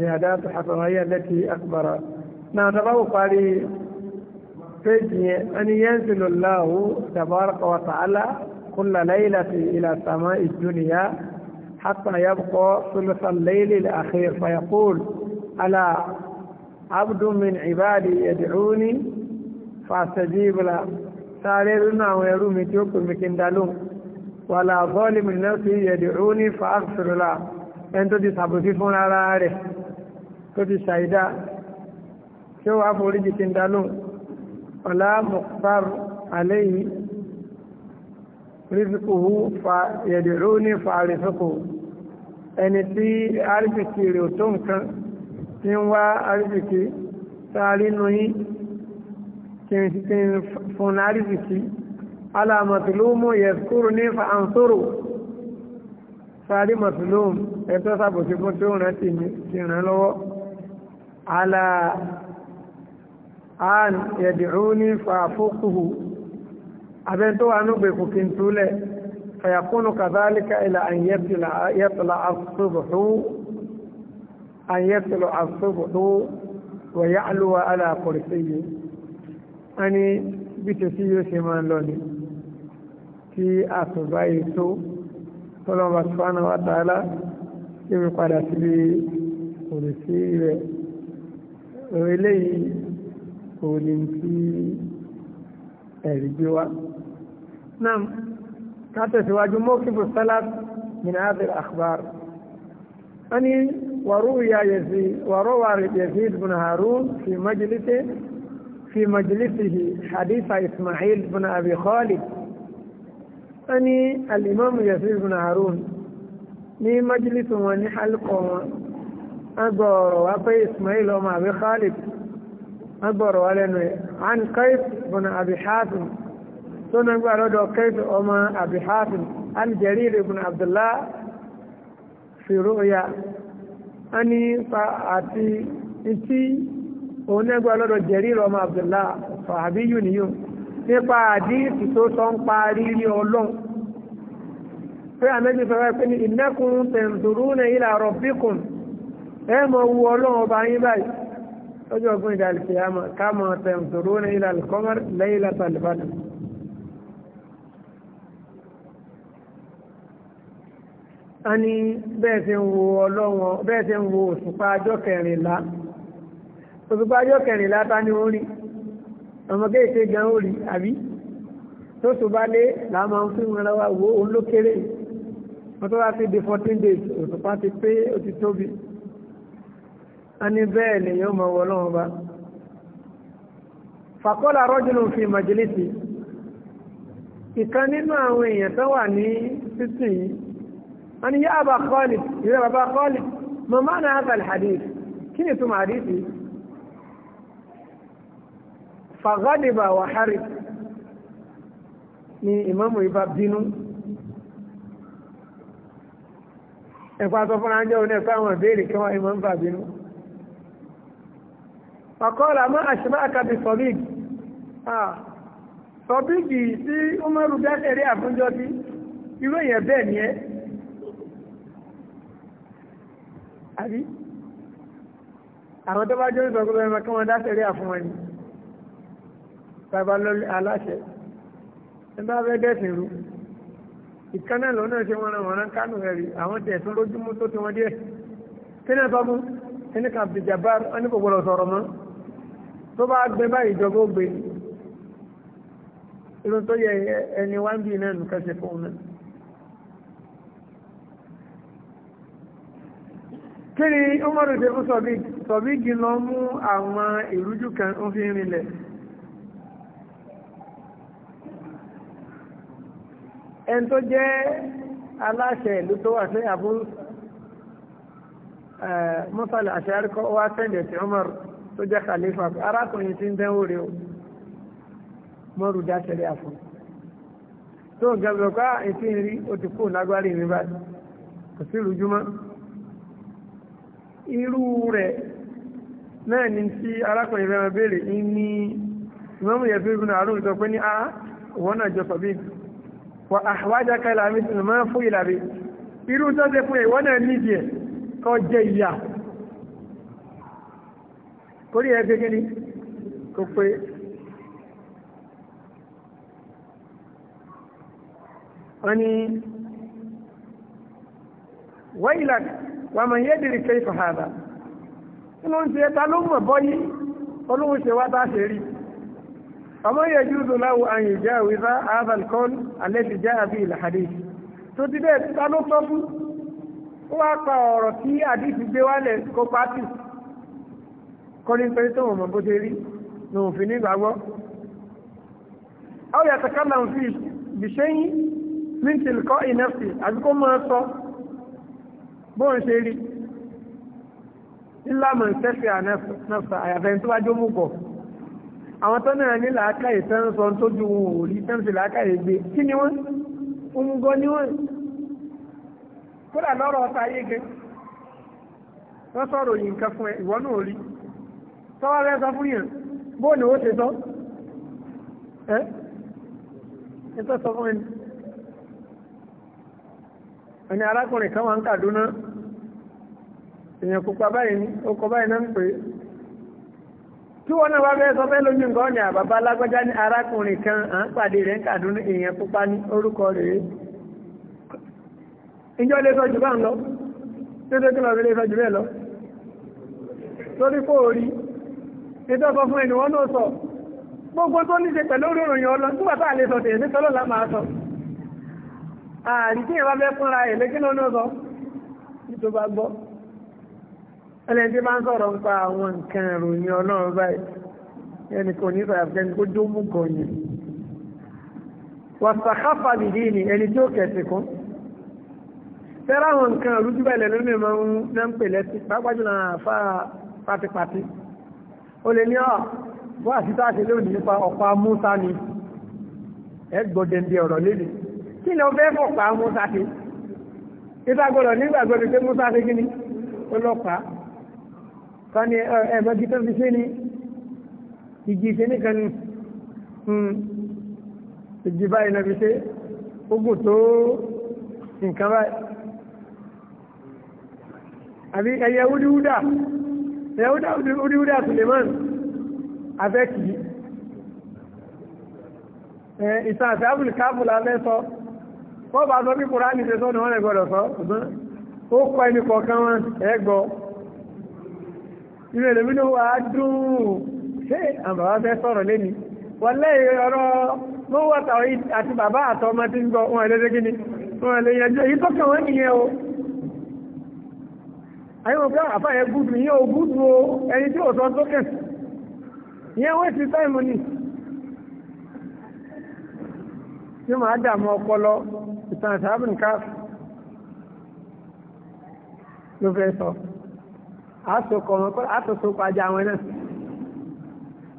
العادات الحضارية التي أخبر نعم قالي فجي أن ينزل الله تبارك وتعالى كل ليلة إلى سماء الدنيا حتى يبقى ثلث الليل الأخير فيقول ألا عبد من عبادي يدعوني فاستجيب له sáré rínú àwọn ẹrú mi wàlá àbọ́ọ̀lìmì náà sí yẹ̀dì ó ní fàáfìrìlà ẹni tó ti sàbòsí fún ara rẹ̀ tó ti ṣàìdá tí ó wá forí jì ti ń dalú ọ̀lá mọ̀kúfàr àléyìí rísíkòhú yẹ̀dì ó ní fàárísíkò ẹni tí arísìkì rẹ̀ ò tó nǹkan tí ń wá arísìkì sáà على مظلوم يذكرني فأنصره فهذه مظلوم يتصاب سبتون تنالو على أن يدعوني فأفوقه أبنتو أنو بكوكين تولي فيكون كذلك إلى أن يطلع, يطلع الصبح أن يطلع الصبح ويعلو على كرسيه أني بتسيو سمان لوني tí àtúbá yìí tó tọ́lọ́mà sùfánà wà tààlà tí mi padà síbi òrìṣì rẹ̀ eléyìí kò ní tí ẹ̀rí gbé wá. náà ká tẹ̀síwájú sálát min hadhihi akhbar ani وروي يزيد وروى يزيد بن هارون في مجلسه في مجلسه حديث إسماعيل بن أبي خالد wọ́n ní alimami yasir bin harun ní májílísì wọn ní halkọ wọn agbọ̀rọ̀ wá pé ismail ọmọ àbí khalid agbọ̀rọ̀ wá lẹ́nu ẹ̀ an kaif bin abi hatim tó na gbà lọ́dọ̀ kaif ọmọ abi hatim an jarir bin abdullah fi ru'ya a ní fa àti ìtí òun nẹ́gbà lọ́dọ̀ jarir ọmọ abdullah fa àbí yuniyun nípa àdíìsì tó sọ ń pa rírí ọlọ́run pé àmẹ́jì fẹ́rẹ́ pé ní innakum tanzuruna ila rabbikum ẹ mọ̀ wu ọlọ́run ọba yín báyìí lọ́jọ́ ọgbọ́n ìdàlẹ̀ kìyàmọ̀ kama tanzuruna ila al-qamar laylatal badr a ní bẹ́ẹ̀ ti ń wo ọlọ́run bẹ́ẹ̀ ti ń wo òṣùpá ọjọ́ kẹrìnlá òṣùpá ọjọ́ kẹrìnlá ta ni ó rí ọmọ kéèké gan ó rí àbí tó tó bá lé láàmà ń fún ìrànlọ́wọ́ àwọ̀ òun ló kéré wọ́n tó bá fi di fourteen days òtùpá ti pé ó ti tóbi a ní bẹ́ẹ̀ lèyàn mọ̀ wọ́n lọ́wọ́ bá fàkọ́lá rọ́jùlù fi màjèlìsì ìkan nínú àwọn èèyàn tó wà ní sísìn yìí wọ́n ní yá àbá kọ́ọ̀lì ìrẹ́ bàbá kọ́ọ̀lì mọ̀ máa náà kí ni túmọ̀ hadith fàgádìbà wà hárì ni ìmáàmù ibà bínú ẹ̀pá sọ fún ajọ́ òní ẹ̀pá àwọn ìbéèrè kí wọ́n ìmáàmù bà bínú fàkọ́ọ̀lá mọ́ àṣìbá àkàbí sọ̀bíìgì sọ̀bíìgì tí ó mọ́rù dáṣẹ̀rí àfúnjọ́ sí irú èèyàn bẹ́ẹ̀ ni ẹ́ àwọn tó bá jẹ́ ìsọ̀kúrò ẹ̀mọ́ kí wọ́n dáṣẹ̀rí àfúnwọ́ni bàbá lọ́lẹ́ aláṣẹ ẹ bá fẹ́ dẹ́sìn rú ìkánná lọ́nà ṣe wọ́n rán wọn kánú ẹ̀rí àwọn tẹ̀ tó lójúmú tó ti wọ́n díẹ̀ kí náà bá mú ẹni kan fi jàbá ẹni kò gbọdọ̀ sọ̀rọ̀ mọ́ tó bá gbé báyìí ìjọba ó gbé irun tó yẹ ẹni wá ń bí náà nìkan ṣe fún un náà. kí ni ṣe fún sọ̀bí sọ̀bí gí lọ mú àwọn ìrújú kan ó fi ń ẹn tó jẹ́ aláṣẹ ìlú tó wà sí abu mọ́sálà àṣàrí kọ́ wá sẹ́ndẹ̀ sí Umar tó jẹ́ khalifa arákùnrin tí ń dẹ́wò ah, rí o mọ́rù dá sẹ́rí àfún tó gẹ̀bẹ̀ kọ́ ìfín rí o ti kó lágbárí mi bá kò sí rújúmọ́ irú rẹ̀ náà ni tí arákùnrin rẹ̀ béèrè ní ah, ìmọ̀mù yẹ̀ a wọ́n náà jọ wà àwájá kẹlà mítìlì máa fún ìlàrí irú tó ṣe fún ìwọ́n náà nídìí ẹ̀ kọ́ jẹ ìyà kórí ẹ̀ gẹ́gẹ́ ni kò pé wọ́n ni wáyìlá wà mọ̀ yé dìrì kẹ́ ìfàhàdà inú ń ṣe ló mọ̀ bọ́ yí ṣe wá bá ṣe rí فما يجوز له أن يجاوز هذا القول الذي جاء فيه الحديث تدبير تنصف وقع في حديث بوالي كوباتي كل فريتهم من بوتيري نوفيني بابو أو يتكلم فيه بشيء من تلقاء نفسه أبيكم ما نصف بون شيري إلا من سفع نفسه نفسه أيا فهمتوا أجو مقف àwọn tó náà ní làákàyè tẹ́ ń sọ tó ju wọn ò rí tẹ́ǹsì làákàyè gbé kí ni wọ́n ń gọ́ ní wọ́n kódà lọ́rọ̀ ọta ayé gẹ wọ́n sọ̀rọ̀ yìí nǹkan fún ẹ ìwọ náà rí tọ́wọ́ rẹ sọ fún yàn bó ni ó ṣe sọ ẹ́ ẹ ẹni arákùnrin kan wà ń Kàdúná èèyàn pupa báyìí ó kọ báyìí náà ń pè é tí wọ́n náà wá bẹ́ẹ̀ sọ fẹ́ lójú nǹkan ọ̀nà àbàbá ní arákùnrin kan à ń pàdé rẹ̀ ń kàdún èèyàn púpá ní orúkọ rẹ̀ ìjọ lè sọjù bá ń lọ tí ó lè sọjù bẹ́ẹ̀ lọ torí kó sọ gbogbo tó ní ṣe pẹ̀lú ọlọ nígbà tá a lè sọ la máa sọ fúnra ẹ̀ lé kí ẹlẹ́dí máa ń sọ̀rọ̀ nípa àwọn nǹkan ìròyìn ọlọ́run báyìí ẹni kò ní sọ̀rọ̀ àfẹ́ni kó jó mú kan yẹn wàsàkáfà nìdí ni ẹni tí ó kẹ̀sì kún tẹ́rà àwọn nǹkan ìrújú bẹ̀lẹ̀ lórí mọ̀ ń ń pè lẹ́tí pápájú náà àfá pátípátí ó lè ní ọ̀ bó àtítọ́ àti lónìí nípa ọ̀pá músá ni ẹ gbọ́dẹ̀ di ọ̀rọ̀ lédè kí ni ó fẹ́ fọ̀pá músá ti ìtagbọ́dọ̀ nígbàgbọ́dọ̀ pé músá ti kí ni ó lọ́pàá ká ní ẹ̀mọ́ jí tó fi sí ni igi ṣe ní kan ìjì báyìí náà fi ṣe ogun tó nǹkan báyìí àbí ẹyẹ wúdiwúdà ẹyẹ wúdiwúdà Suleiman abẹ́kì ìtàn eh, àti abúlé káàbùlà lẹ́sọ wọ́n bá sọ bí kùránì ṣe sọ́nà wọn ẹgbọ́dọ̀ sọ ó kọ́ ẹni kọ̀ọ̀kan wọn ẹgbọ́ e, inú ẹlòmí ló wà á dùn ṣé àbàbá fẹ́ sọ̀rọ̀ lẹ́ni wọ́n lẹ́yìn ọ̀rọ̀ ló wà tàwọn àti bàbá àtọmọ tí ń gbọ́ wọn ẹlẹ́dẹ́ gíní wọn ẹlẹ́ yanjú èyí tó kàn wọ́n nìyẹn o àyẹ̀wò pé àfà yẹn gúdù yẹn ò gúdù o ẹni tí ò sọ tó kẹ̀ yẹn wọ́n ti táìmù ni tí máa dààmú ọpọlọ ìtàn àtàbùnkà ló fẹ́ sọ. So. àtòkọ̀ wọn kọ́ àtòsókò ajá wọn náà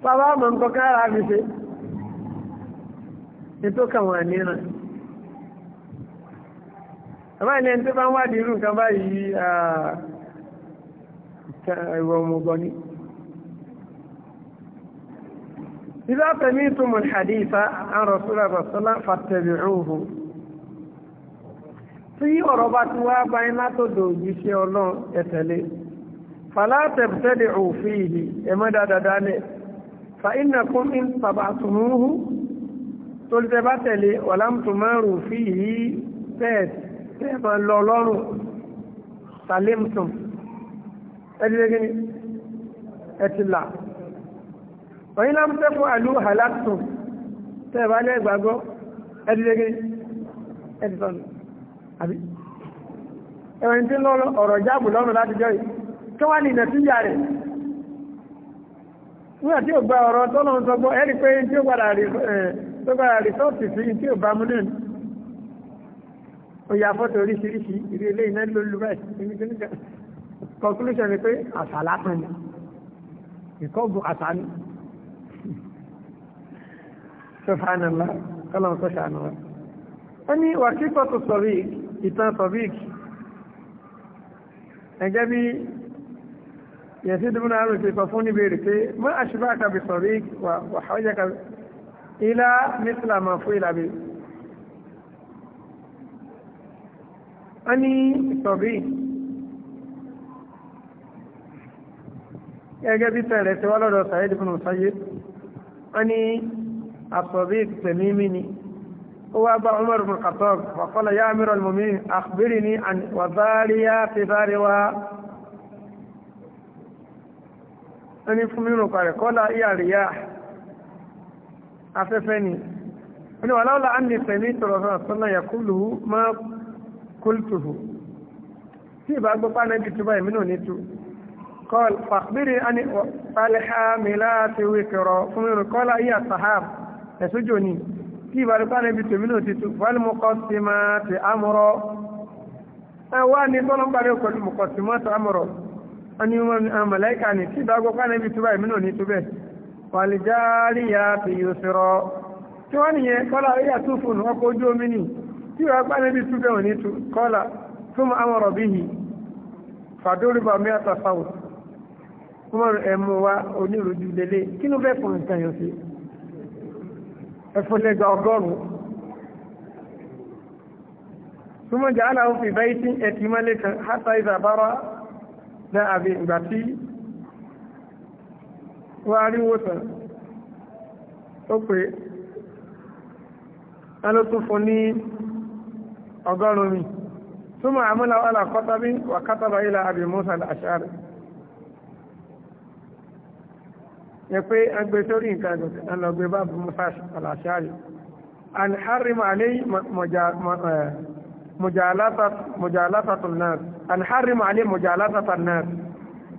bàbá ọmọ nǹkan kan ara fi ṣe ètò kàwọn àníran àbá ilẹ̀ tó bá ń wádìí irú yi báyìí ìwọ̀ ọmọgbọ̀n ní إذا سمعتم الحديث عن رسول الله صلى الله عليه وسلم فاتبعوه tí ọ̀rọ̀ bá ti wá báyìí látọ̀dọ̀ òjíṣẹ́ فلا تبتدعوا فيه امدا دداني فانكم ان تبعتموه تلتبتلي ولم تماروا فيه تيت تيما لولورو سلمتم ادلغني اتلا وان لم تفعلوا هلكتم تيبالي غباغو ادلغني ادلغني ابي ẹ̀wọ̀n tí ń lọ ọ̀rọ̀ jáàbù lọ́rùn láti jọ yìí kọ́wà ní nàtíjà rẹ̀ nígbà tí ó gba ọ̀rọ̀ tọ́lọ́run sọgbọ́ ẹ́rì pé tí ó gbára rìsọ́ọ̀tì sí tí ó bá mú náà ó yà fọ́tò oríṣiríṣi ìrí ilé iná ló lù báyìí conclusion ni pé àṣà látàn ni ìkọ́gùn àṣà ni subhanallah kọ́lọ́run kọ́ ṣàánú wa ó ní wàkíkọ́ tó sọ̀rí ìtàn sọ̀rí ẹgẹ́ bí yẹ̀sí بن náà rò pípọ̀ ما níbi èrè pé mọ́ مثل ما sọ̀rí wà hajjá kàbí ilá mísìlámà fún ìlàbí a ní sọ̀rí gẹ́gẹ́ bí tẹ̀rẹ̀ tí wá lọ́dọ̀ sàyẹ́dì fún òsáyé a ní àsọ̀rí tẹ̀mímí ni ó wá bá Umar bin Khattab wa qala ya amiral mu'minin akhbirni an wàzáríyá fi záríwá ẹni fún mi rùn parẹ̀ kọ́lá ìyàríyà afẹ́fẹ́ ni wọ́n ni wà láwọ́lá á ní pẹ̀lú ìtọ̀rọ̀ sọ́nà yàkúlù má kúlùtùhù tí ìbá gbọ́ pàánà bí túbá ìmì náà nítú kọ́l fàkbírí àni pàlẹ́hà mi láti wí kẹrọ fún mi rùn kọ́lá ìyà sahab ẹ̀sùjò ni tí ìbá gbọ́ pàánà bí túbá náà títú wàlùmọ́kọ́ sí máa ti àmúrọ̀ ẹwà ní tọ́lọ́ wọ́n ah, ni wọ́n mọ̀láíkà ní tí bá gbọ́pá níbi tó báyìí ní tó bẹ̀ ya fi yóò sọ́rọ̀ tí wọ́n nìyẹn kọ́lá orí àtúfò ní ọkọ̀ ojú omi nì tí wọ́n gbá níbi tó bẹ̀ ní kọ́lá tó mọ àwọn ọ̀rọ̀ bí yìí fàdórìbà mẹ́ta fáwọ̀ wọ́n rẹ̀ mú wa onírúurú lélẹ̀ ní àbí ìgbà tí wọ́n á rí wòsàn ó pé wọ́n ló tún fún ní ọgọ́rùn-ún mi túmọ̀ àmúlà wàlà kọ́tàbí wà kátàbà ilà àbí Musa al-Ash'ari yẹ pé agbe sórí nǹkan àgbẹ̀sẹ̀ náà lọ gbé bá bu Musa al-Ash'ari an harrim alayhi mujalatatu nas anharrimu alẹ́ mọ̀jà alásàtà náà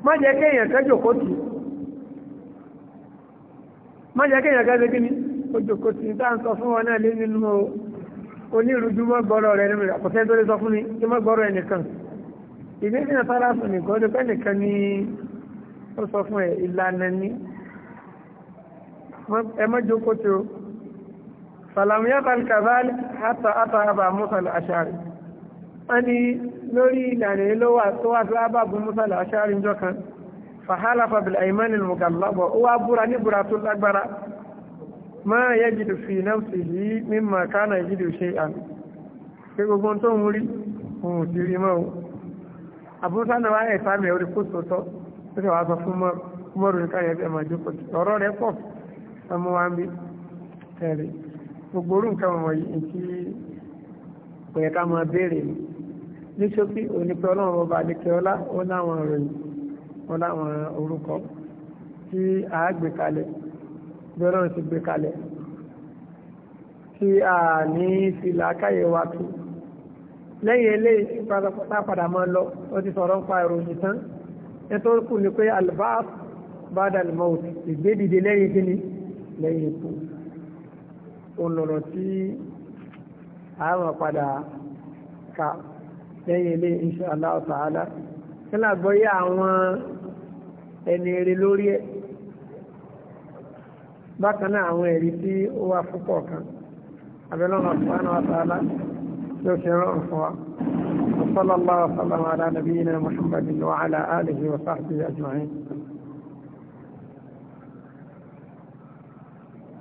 má jẹ́ kéèyàn kẹjọ kó tì má jẹ́ kéèyàn kẹjọ kí ni ó jòkó tì tá à ń sọ fún wọn náà lé nínú onírúurú mọ́ gbọ́rọ̀ rẹ̀ nínú àkọsẹ́ tó lè sọ fún mi kí mọ́ gbọ́rọ̀ ẹ̀ nìkan ìdí ní sára sùn nìkan ó dúpẹ́ nìkan ni ó sọ fún ẹ ìlànà ni ẹ má jòkó tì o sàlàmù yàtà kàbáàlì hàtà àtà àbà Musa al-Ashari wọ́n ní lórí ìlànà ìlówà tó wá tó wá bá bu musa làṣáárí ńjọ kan fàhálà fàbílà ìmánì mùgàlábọ̀ ó wá búra ní búra tó lágbára máa yẹ jìdù fi náfsì yìí mímọ̀ kánà jìdù ṣe àmì pé gbogbo tó ń rí ohun ti rí mọ́ àbúrúsá náà orí nǹkan wọ̀nyí tí kò máa béèrè ni ní ṣókí onípẹ́ ọlọ́run ọba àdékẹ́ ọlá ó láwọn ìròyìn ó láwọn orúkọ tí a gbé kalẹ̀ bí ọlọ́run ti gbé kalẹ̀ tí a ní fìlà káyè wa tú lẹ́yìn eléyìí pátápátá padà máa lọ ó ti sọ̀rọ̀ ń pa ìròyìn tán nítorí kù ni pé albaaf bada almaut ìgbédìde lẹ́yìn kíni lẹ́yìn ikú òun lọ̀rọ̀ tí àwọn padà ka lẹ́yìn ilé iṣẹ́ aláwọ̀tàálá nílàgbọ́yé àwọn ẹni eré lórí ẹ̀ bákan náà àwọn ẹ̀rí tí ó wà púpọ̀ kan abẹ́lọ́nà subhanahu wa ta'ala ló ṣe rọrùn fún wa sallallahu alaihi wa sallam ala nabiyyina muhammadin wa ala